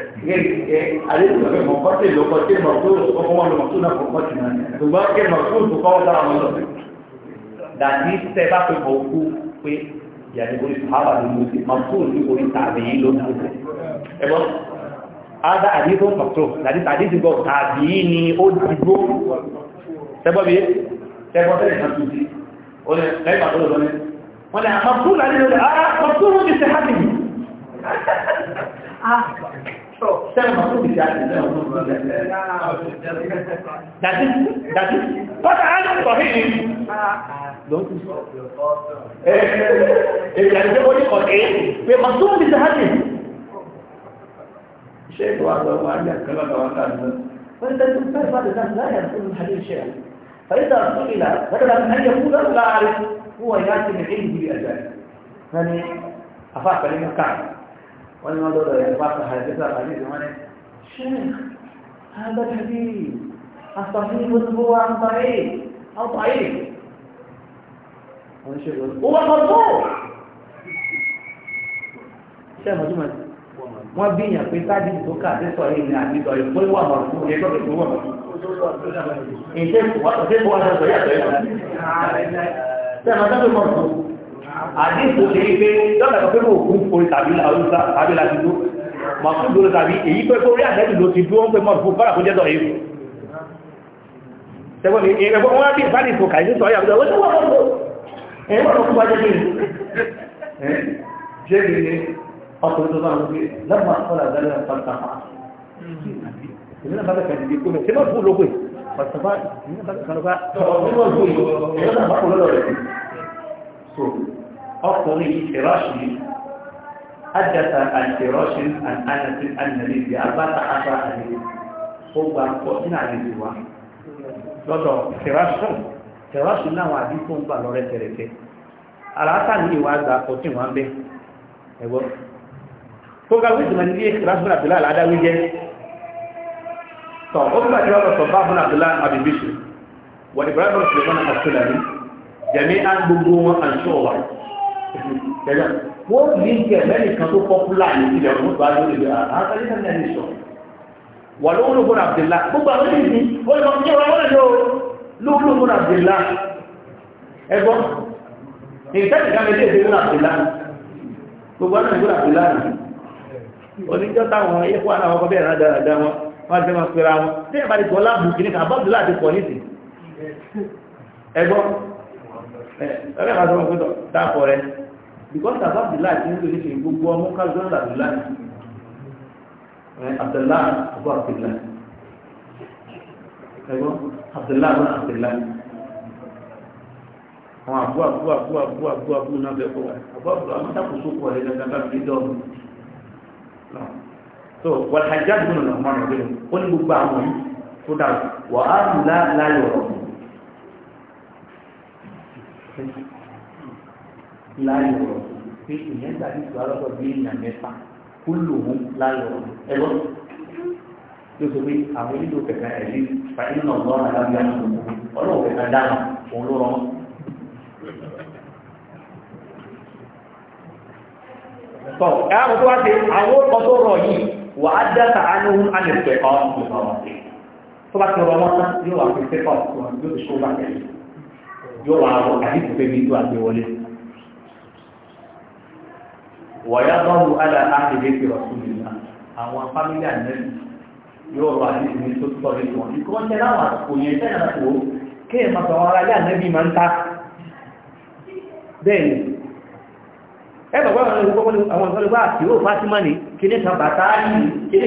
alẹ́sìn ọ̀fẹ́ mọ̀ kọ́tẹ̀ ló kọ́tẹ̀ mọ̀ tó ọkọ̀ wọn lọ tó náà kọ́ kọ́tẹ̀ náà ṣùgbọ́n kẹ́ mọ̀ tó tó kọ́ dára wọn lọ. dàbí tẹ bá fi mọ̀ kú pé ìyàtọ̀ orí sàhábà ló mú sí mọ̀ tó ní orí tàbí yìí ló mú sí. ẹ bọ́ ada àdínkù mọ̀ tó dàbí tàbí ti gbọ́ tàbí ni ó dìgbò. tẹ́gbọ́ bí tẹ́gbọ́ tẹ́lẹ̀ náà tún sí. ó lẹ lẹ́yìn pàtó lọ sọ́ni. wọ́n lẹ sẹ́yìn máa tó bìí àti ìlú dàdí dàdí pátá á lọ́pọ̀ hìí ló ń tún sọ èyí àti ìjọba oníkọ̀ èyí pé máa tó bìí dàdí ṣé ìlú àgbà wà ní àkàlà àwọn àgbà فإذا الإنسان بعد ذلك لا يدخل من هذه الشيء فإذا سئل بدل من أن يقول لا أعرف هو يأتي من علمه بأجانب يعني أفاق لما كان wọ́n ní wọ́n lọ́dọ̀ rẹ̀ bá sọ àìsíkà àbájú ìwọ́n ní ṣe àgbàdàbí àṣàfihàn ìgbòsíwò wa ń bá yìí àwọn àyè wọ́n ṣe lọ́dọ̀ ó wà kọ́ tó ṣe àmọ́júmọ́ wọ́n bí yàn pé sáàdì tó kà sí sọ yìí ní àbíkọ ìpó ìwà mọ̀tún ní ẹgbẹ́ ìpó wà mọ̀tún ìṣe ìwà tó wà sọ yàtọ̀ yàtọ̀ àdínkù ṣe wípé lọ́nà tó pẹ́lú òkú orí tàbí láti dó mọ̀kú dúró tàbí èyí pé kó rí àdẹ́bì ló ti dúró ń pẹ́ mọ̀kú kọ́nà kó jẹ́dọ̀ yìí ni ẹgbẹ́ wọn bí ìbá nìfò kàí sísọ yà wọ́n tó wọ́n tó ẹ̀yìn wọ́n kú ni ọkùnrin tó sọ̀rọ̀ pé lọ́mọ àkọlà àgbàlẹ̀ àpàtàpà ìlú náà bá bẹ̀rẹ̀ kàdìdì kó mẹ́ ṣé mọ̀ fún olóògbé pàtàpà ìlú náà bá bẹ̀rẹ̀ kàdìdì أفضل فراشي حدث عن فراش عن أنس النبي بأربعة عشر حديث هو قوتنا عزيزوا lọ́dọ̀ fìráṣùn fìráṣùn láwọn àbí tó ń gbà lọ rẹ̀tẹ̀rẹ̀tẹ̀ aláta ní ìwà àgbà ọ̀tí wọn bẹ́ ẹgbọ́ tó ga wíjìmọ̀ ní ilé fìráṣùn àbìlá aládáwí jẹ́ tọ̀ ó gbà tí wọ́n sọ bá fún àbìlá àbìbíṣù wọ́n ìbúrádọ̀ tẹ́lẹ̀ wọ́n ní ìjẹ́ mẹ́nìkan tó pọ́pùlà ní ilẹ̀ ọ̀run tó ajọ́ ìlú àtàlẹ́ náà ní sọ wà lóhùn lóhùn Abdullah gbogbo àwọn ènìyàn wọ́n lọ sí ọ̀rọ̀ wọ́n lọ lóhùn lóhùn Abdullah ẹgbọ́n ìfẹ́ẹ̀tì ká méjì èdè lóhùn Abdullah gbogbo àwọn ènìyàn Abdullah oníjọ́ táwọn ẹ̀kọ́ àwọn ọkọ̀ bẹ́ẹ̀ náà dáradára wọn wọ́n ti máa pera wọn tí ẹ̀bá ti gọ́lá bù kìíní kan bọ́ọ̀dù láti pọ̀ nítì ẹgbọ́n ẹgbẹ́ because as abdullahi ti ń lò níṣe gbogbo ọmọ kájọ́n abdullahi abdullahi abu abdullahi ẹgbọ́n abdullahi abu abdullahi àwọn àbú àbú àbú àbú àbú àbú náà bẹ́ẹ̀ kọ́ wa àbú àbú àwọn sàkóso kọ́ ẹ̀ lẹ́gbẹ̀ẹ́ bá fi dọ́ọ̀mù so wàlhàjá dùn ní ọmọ rẹ̀ ó ní gbogbo àwọn yìí tó dáa wà á lù láyọ̀ ọ̀rọ̀ láyọ̀ rọ̀ pé ìyẹn tàbí ìtura lọ́dọ̀ bí èèyàn mẹ́fà kó lòun láyọ̀ rọ̀ ẹ̀rọ yóò sọ pé àwọn onílò kẹ̀kẹ́ ẹ̀lí fàyín náà lọ́rùn alábíyá ọlọ́run kẹ̀kẹ́ dáhùn òun ló rọ̀ tọ́ ẹ̀rọ tó wá sí àwọn ọkọ̀ tó rọ̀ yìí wà á dáta ánúhùn ánìfẹ́ ọ̀hún tó bá ti rọ wọn tán yóò wà fún sẹ́kọ̀ọ́ yóò ti ṣó bá tẹ̀lé yóò wà rọ àdìsí pé mi tó àgbéwọlé wọ̀yá bọ́ọ̀lù alá àkèdè fi rọ̀tún nìyà àwọn fámílì ànẹ́lì yóò rọ àdéhùn ní tó tọ́ nínú wọn ìkọ́ ń tẹ́ láwọn àsìkò yẹn tẹ́yà náà wò kéè máa sọ wọn ara yá ànẹ́bí máa ń ta bẹ́ẹ̀ ni ẹ bàbá àwọn olùkọ́ àwọn ìfọ́lù bá àti yóò fátímà ní kéde kan bàtà yìí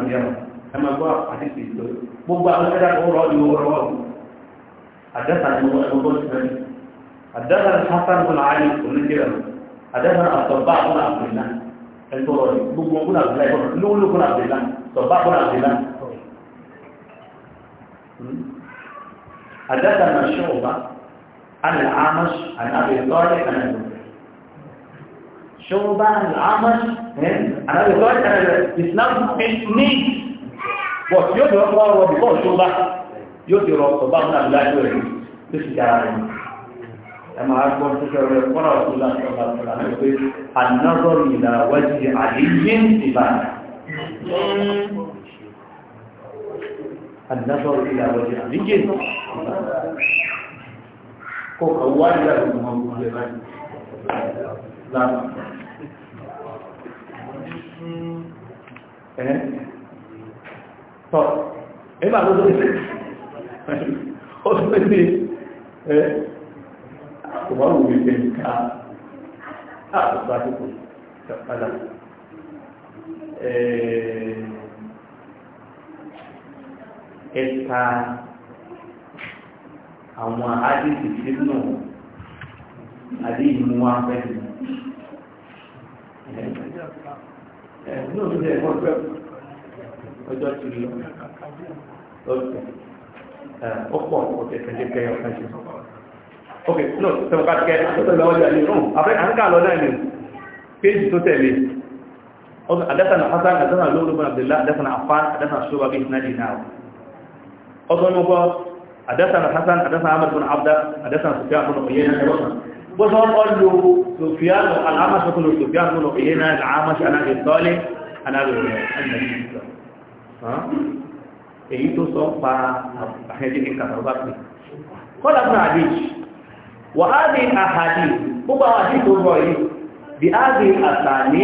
kéde ẹmọ gbọ́ àdìsí ìlú gbogbo àwọn ẹ̀dá tó rọ́ ìwọ rọ́ àdẹ́sà ni wọ́n ẹgbẹ́ bọ́ọ̀sì rẹ̀ àdẹ́sà ni hasan bin ali onídìrẹ̀ àdẹ́sà ni àtọ̀bá fún àbìlá ẹgbẹ́ rọ̀ gbogbo fún àbìlá ẹgbẹ́ lówóló fún àbìlá tọ̀bá fún àbìlá àdẹ́sà ni ṣọ́ọ̀bá عن العامش عن أبي طالب عن أبي شو بقى العامش عن أبي طالب عن أبي إسلام حسني bọ̀ yóò ti rọ́pọ̀ wọ́n bí bọ́ọ̀ ṣúgbà yóò ti rọ́pọ̀ bá náà láìpẹ́ rẹ̀ ló sì dára rẹ̀ ẹ máa gbọ́ síkẹ́ rẹ̀ kọ́nà ọ̀tún láti ọ̀gá ọ̀gá pé anọ́rọ̀ ìlà wájú àdéhìn ìbàdàn anọ́rọ̀ ìlà wájú àdéhìn ìbàdàn kó kà wá ìlà ìgbìmọ̀ ọ̀gbọ̀n lẹ́bàá tọ́ ebe tó tó ó tó pé sí ẹ kò bá wù mí pé àwọn àdìsí sínú àdìsí mú wá fẹ́ ọjọ́ ti rí ọ̀sẹ̀ ó pọ̀ ọ̀kẹ́ kẹ́kẹ́ ọ̀kan ṣe ok no sẹ́wọ́n ká kẹ́ ọ̀sẹ̀ lọ́wọ́ jẹ́ àyè àfẹ́ àǹkà lọ náà ni péjì tó tẹ̀lé ọdún adásánà hasan adásánà lórí bọ́n abdullá adásánà afán adásánà ṣọ́bà bí ìsinadì náà ọdún ní ọgbọ́ adásánà hasan adásánà ahmad bin abda adásánà sofia bin oyena ẹlọ́sàn bó sọ ọ́ lo sofia al'amash bin sofia bin oyena al'amash anáyẹ èyí tó sọ pa àhẹ́dínní kàtàkùn kọ́lá fún àdéjì wà á di àhàdì gbogbo àwọn àdéjì tó rọ yìí bí á di àtàní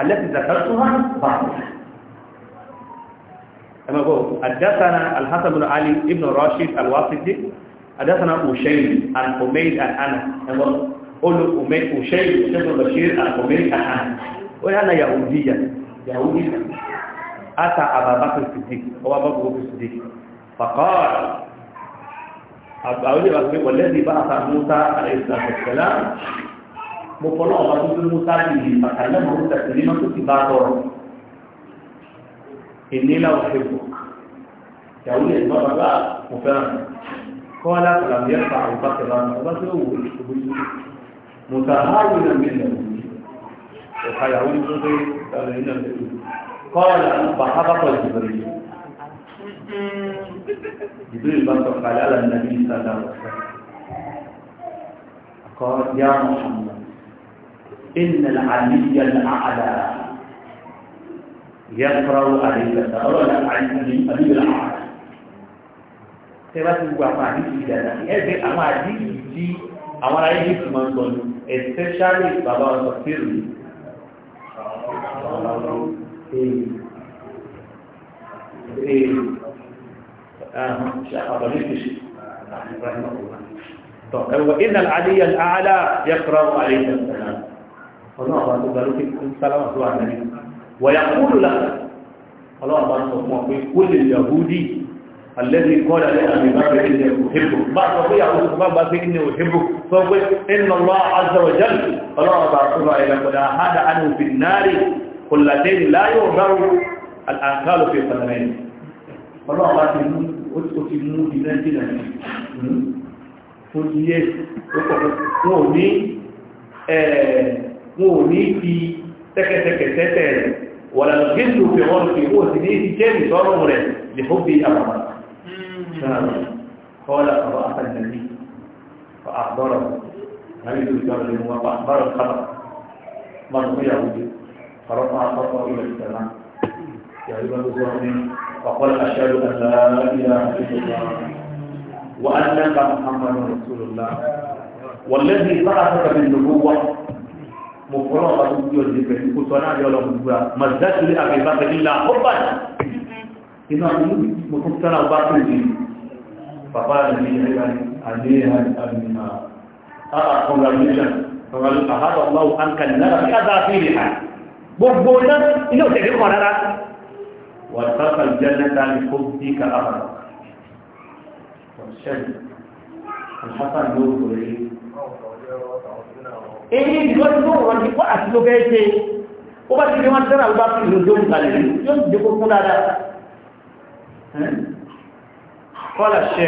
alẹ́sì zakatúhán bá ẹgbẹ́gbọ́ àdásánà alhassan ali ibn rashid alwasiti àdásánà òṣèlú al-umaid al-ana ẹgbọ́ olú òṣèlú ṣẹ́gbọ́n أتى أبا بكر الصديق هو أبا بكر الصديق فقال أقول لك والذي بعث موسى عليه الصلاة والسلام مقرأ بكر موسى به فكلمه تكليما كتبا إني لا أحبك يقول لي بابا بقى مفهم قال لم يرفع بكر فبكره متهاونا منه وحيعود قال إنه قال فحبط جبريل جبريل فقال على النبي صلى الله عليه وسلم قال يا محمد إن العلي الأعلى يقرأ عليك تقرأ العلي الأعلى tẹ́wá ti gbogbo àwọn àdìsí ìdàdà ẹgbẹ́ àwọn àdìsí tí àwọn ará ilé ìtumọ̀ ń gbọ́n especially bàbá ọ̀sọ̀ fèrè ايه اه مش رحمه الله العلي الاعلى يقرا عليه السلام الله السلام ويقول لك الله تبارك كل اليهودي الذي قال لأبي بكر إني أحبه بعد ربيع عثمان بعد إني أحبه فقل إن الله عز وجل قال رب رسول إلى قد أحد عنه في النار kòlàdẹ́ni láyọ̀ ọ̀gbárò àkàlò fi pàdánà ẹ̀ ọlọ́ọ̀bá ti mú ó ti mú ilẹ̀ ìjìnà fún iye wọn ò ní wọn ò ní fi tẹ́kẹ̀tẹ́kẹ̀ tẹ́tẹ̀ rẹ̀ wọ̀lá gíńdù fi wọ́n fi ó sì ní ti jẹ́ ìsọ́rùn rẹ̀ lè fó bí فرفع صوته إلى السماء يا أيها المسلمين فقل أشهد أن لا إله إلا الله وأنك محمد رسول الله والذي بعثك بالنبوة مفرغة في كنت أنا يا الله ما لي لأبي بكر إلا حبا إنه مكنت أنا باكر فقال لي عليها والسلام أرى congratulations فقال أهذا الله أنك النار كذا في رحال gbogbo náà ilé òtẹ̀lẹ̀ kọ̀ rárá wọ́n sáfà jẹ́nẹ́ta ní kó bí ká àbàrà ọ̀ṣẹ́lẹ̀ èyí ìjọ tí wọ́n rọ̀ ní kọ́ àti ló bẹ́ẹ̀ ṣe ó bá ti lé wọn tẹ́ra bá fi lòdó ìgbàlẹ̀ yóò ti dékó fún dáadáa kọ́lá ṣe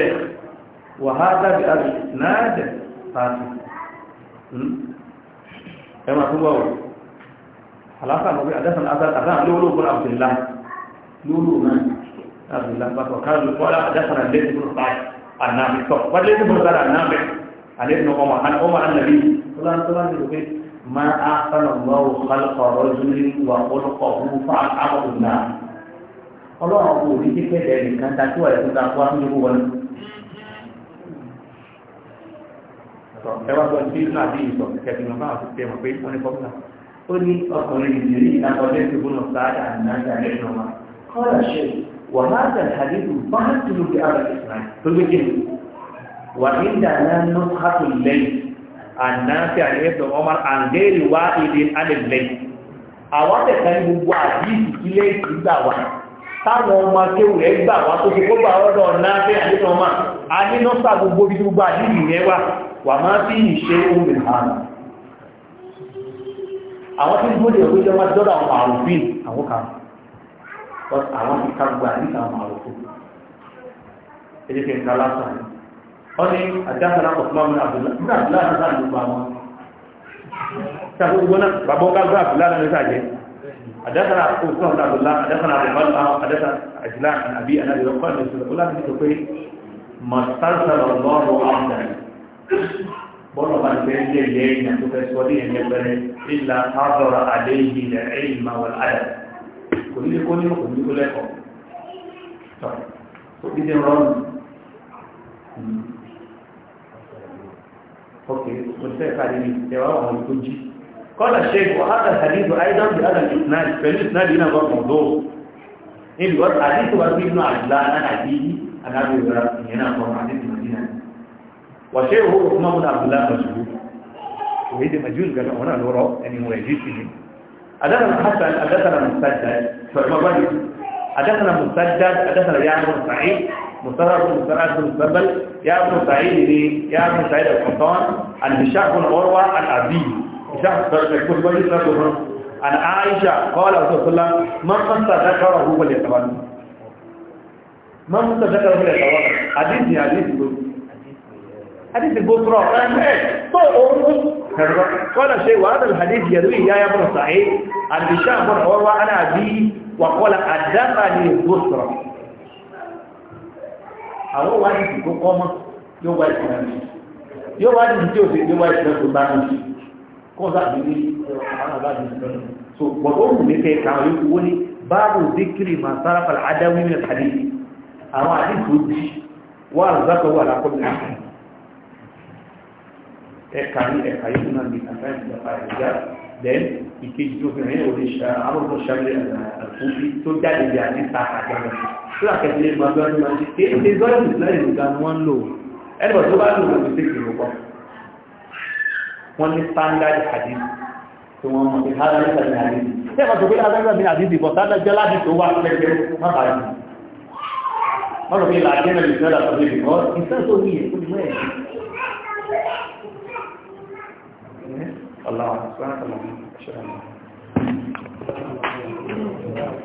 wàhálà bí i náà jẹ́ pàtó ẹ̀mà tó wà àlàáfà lọ́wọ́ àdásán àdásán lóòlò bọ́lá Abdullah lóòlò náà Abdullah bàtà káàlù bọ́lá àdásán àdásán bọ́lá báyìí ànáàmì tọ́ wájú ẹni bọ́lá báyìí ànáàmì àlẹ́bìnà ọmọ ọmọ ànàbí tọ́lá ní òfin ma a sánà lọ́wọ́ kálùkọ̀ rọ́júlé wà kọ́lùkọ̀ wù fún àwọn náà ọlọ́run kò ní kí kéde ẹnìkan ta tí wà lẹ́kùn ta kó àtúnyẹ kó wọlé. ẹ wá sọ ní bí náà bí ìsọ̀ kẹ̀kẹ́ ní wọn bá wọn ti tẹ̀ wọn pé wọ́n ní fọ́ọ̀mù náà ó ní ọkùnrin ìdílé ìdákọ̀ọ́lẹ́ tó gbóná sáádà àdínájà lẹ́nu ọmọ kọ́lá ṣe wà máa tẹ̀lé àdínkù bá tó ló bí ara ìsìláì tó gbé jẹ́ wà ní ìdáná ló hàtò lẹ́yìn àdínájà lẹ́nu ọmọ àǹgẹ́rì wá èdè alẹ́ lẹ́yìn àwọn tẹ̀ka ní gbogbo àdínkù ilé ìgbà wa táwọn ọmọ akéwù rẹ̀ gbà wá tó fi kópa ọ̀dọ̀ náà fẹ́ àdínkù ọmọ àdínkù gbogbo àdínkù yẹn wà wà máa fi ìṣe ohun àwọn tí ń gbóde ìwé jẹ́ wọ́n dọ́dọ̀ àwọn àròfin àwọn kan but àwọn ti ká gba ní àwọn àròfin èdè kí n ká lásán wọ́n ní àjáfẹ́lá ọ̀tọ́mọ́ mi àbúláà náà ló gba wọn ṣàkóso gbọ́nà bàbá ọ̀gá gbá àbúláà náà lọ́sà jẹ́ àjáfẹ́lá ọ̀tọ́mọ́ mi àbúláà àjáfẹ́lá àbúláà àjáfẹ́lá àjìlá àbí ànábì ọkọ̀ ìṣòro ó láti sọ pé mọ̀tàlá ọ̀lọ́rọ̀ àwọn bọ́ọ̀lù máa ń gbé ilé ilé ìyàn tó fẹ́ sọ́dí ẹ̀yẹ pẹ̀lẹ́ ìlà àbọ̀rọ̀ àdé ìdí ilẹ̀ ẹ̀yìn máa wọ̀lá àdà kò ní kó ní kò ní kó lẹ́kọ̀ọ́ tọ́ hmm. tó dídé rọrùn ok kò sẹ́ káàdì ní ẹwà ọmọ ìkó jí kọ́lá ṣẹ́kù áta hadithu aidan bi adam isnadi pẹ̀lú isnadi náà bọ́ fún dóò níbi wọ́n hadithu wa bí inú àgbà náà àbí àgbà bí ìwẹ̀rẹ̀ ìyẹn náà bọ́ hadithu wọ̀ṣẹ́ ìwò ìmọ̀mù náà abdullahi mọ̀ṣùgbù òwe dè mọ̀ jùlọ gàdọ̀ ọ̀nà lọ́rọ̀ ẹni wọ̀ ẹ̀jú sí ni adára hasan adára musajjad sọ̀rọ̀ mọ̀ báyìí adára musajjad adára yà mọ̀ sàáyé مصرف مصرف المسبل يا ابن سعيد يا ابن سعيد القطان عن هشام بن عروه قال رسول الله من قد ذكره فليتولى من قد ذكره فليتولى حديث حديث حديث al-busra to qala shay wa hadha al-hadith yarwi ya ibn sa'id an hisham bin urwa ana abi wa qala adathani al-busra àwọn wa ni ko ko mo yo wa ni yo wa ni ti o se yo wa ni ko ba ni ko za ni ni ana ba ni so gbogbo ni ke ka yo wo ni babu dhikri ma sarafa al-adawi min al-hadith àwọn hadith wà lọ́sàkọ̀ wà lápọ̀lọ́pọ̀ ẹ̀ka ní ẹ̀ka yóò náà ní àkáyà ìjọba ìjà then ìkejì tó fi hàn òde ṣá arúgbó ṣáyé ni tó jáde bí àdíta àjọba tó àkẹsílẹ̀ gbàgbọ́ ní ma ṣe ké ké zọ́ọ̀lù ìsìláyè ìgbà wọn lò ẹgbẹ̀ tó bá lò lò ló tẹ̀sí lọ́kọ́ wọ́n ní standard hadith tí wọ́n mọ̀ sí hádà nípa ní àdídì tí ẹ̀kọ́ tó gbé hádà nípa ní àdídì bọ̀ sáadà jẹ́ láti tó wá pẹ́pẹ́ má bàá yìí wọ́n lọ fi làákẹ́ mẹ́rin ìṣẹ́lá tọ́lé bìkọ́ ìṣẹ́ tó ní èkó ní mẹ́rin الله سبحانه وتعالى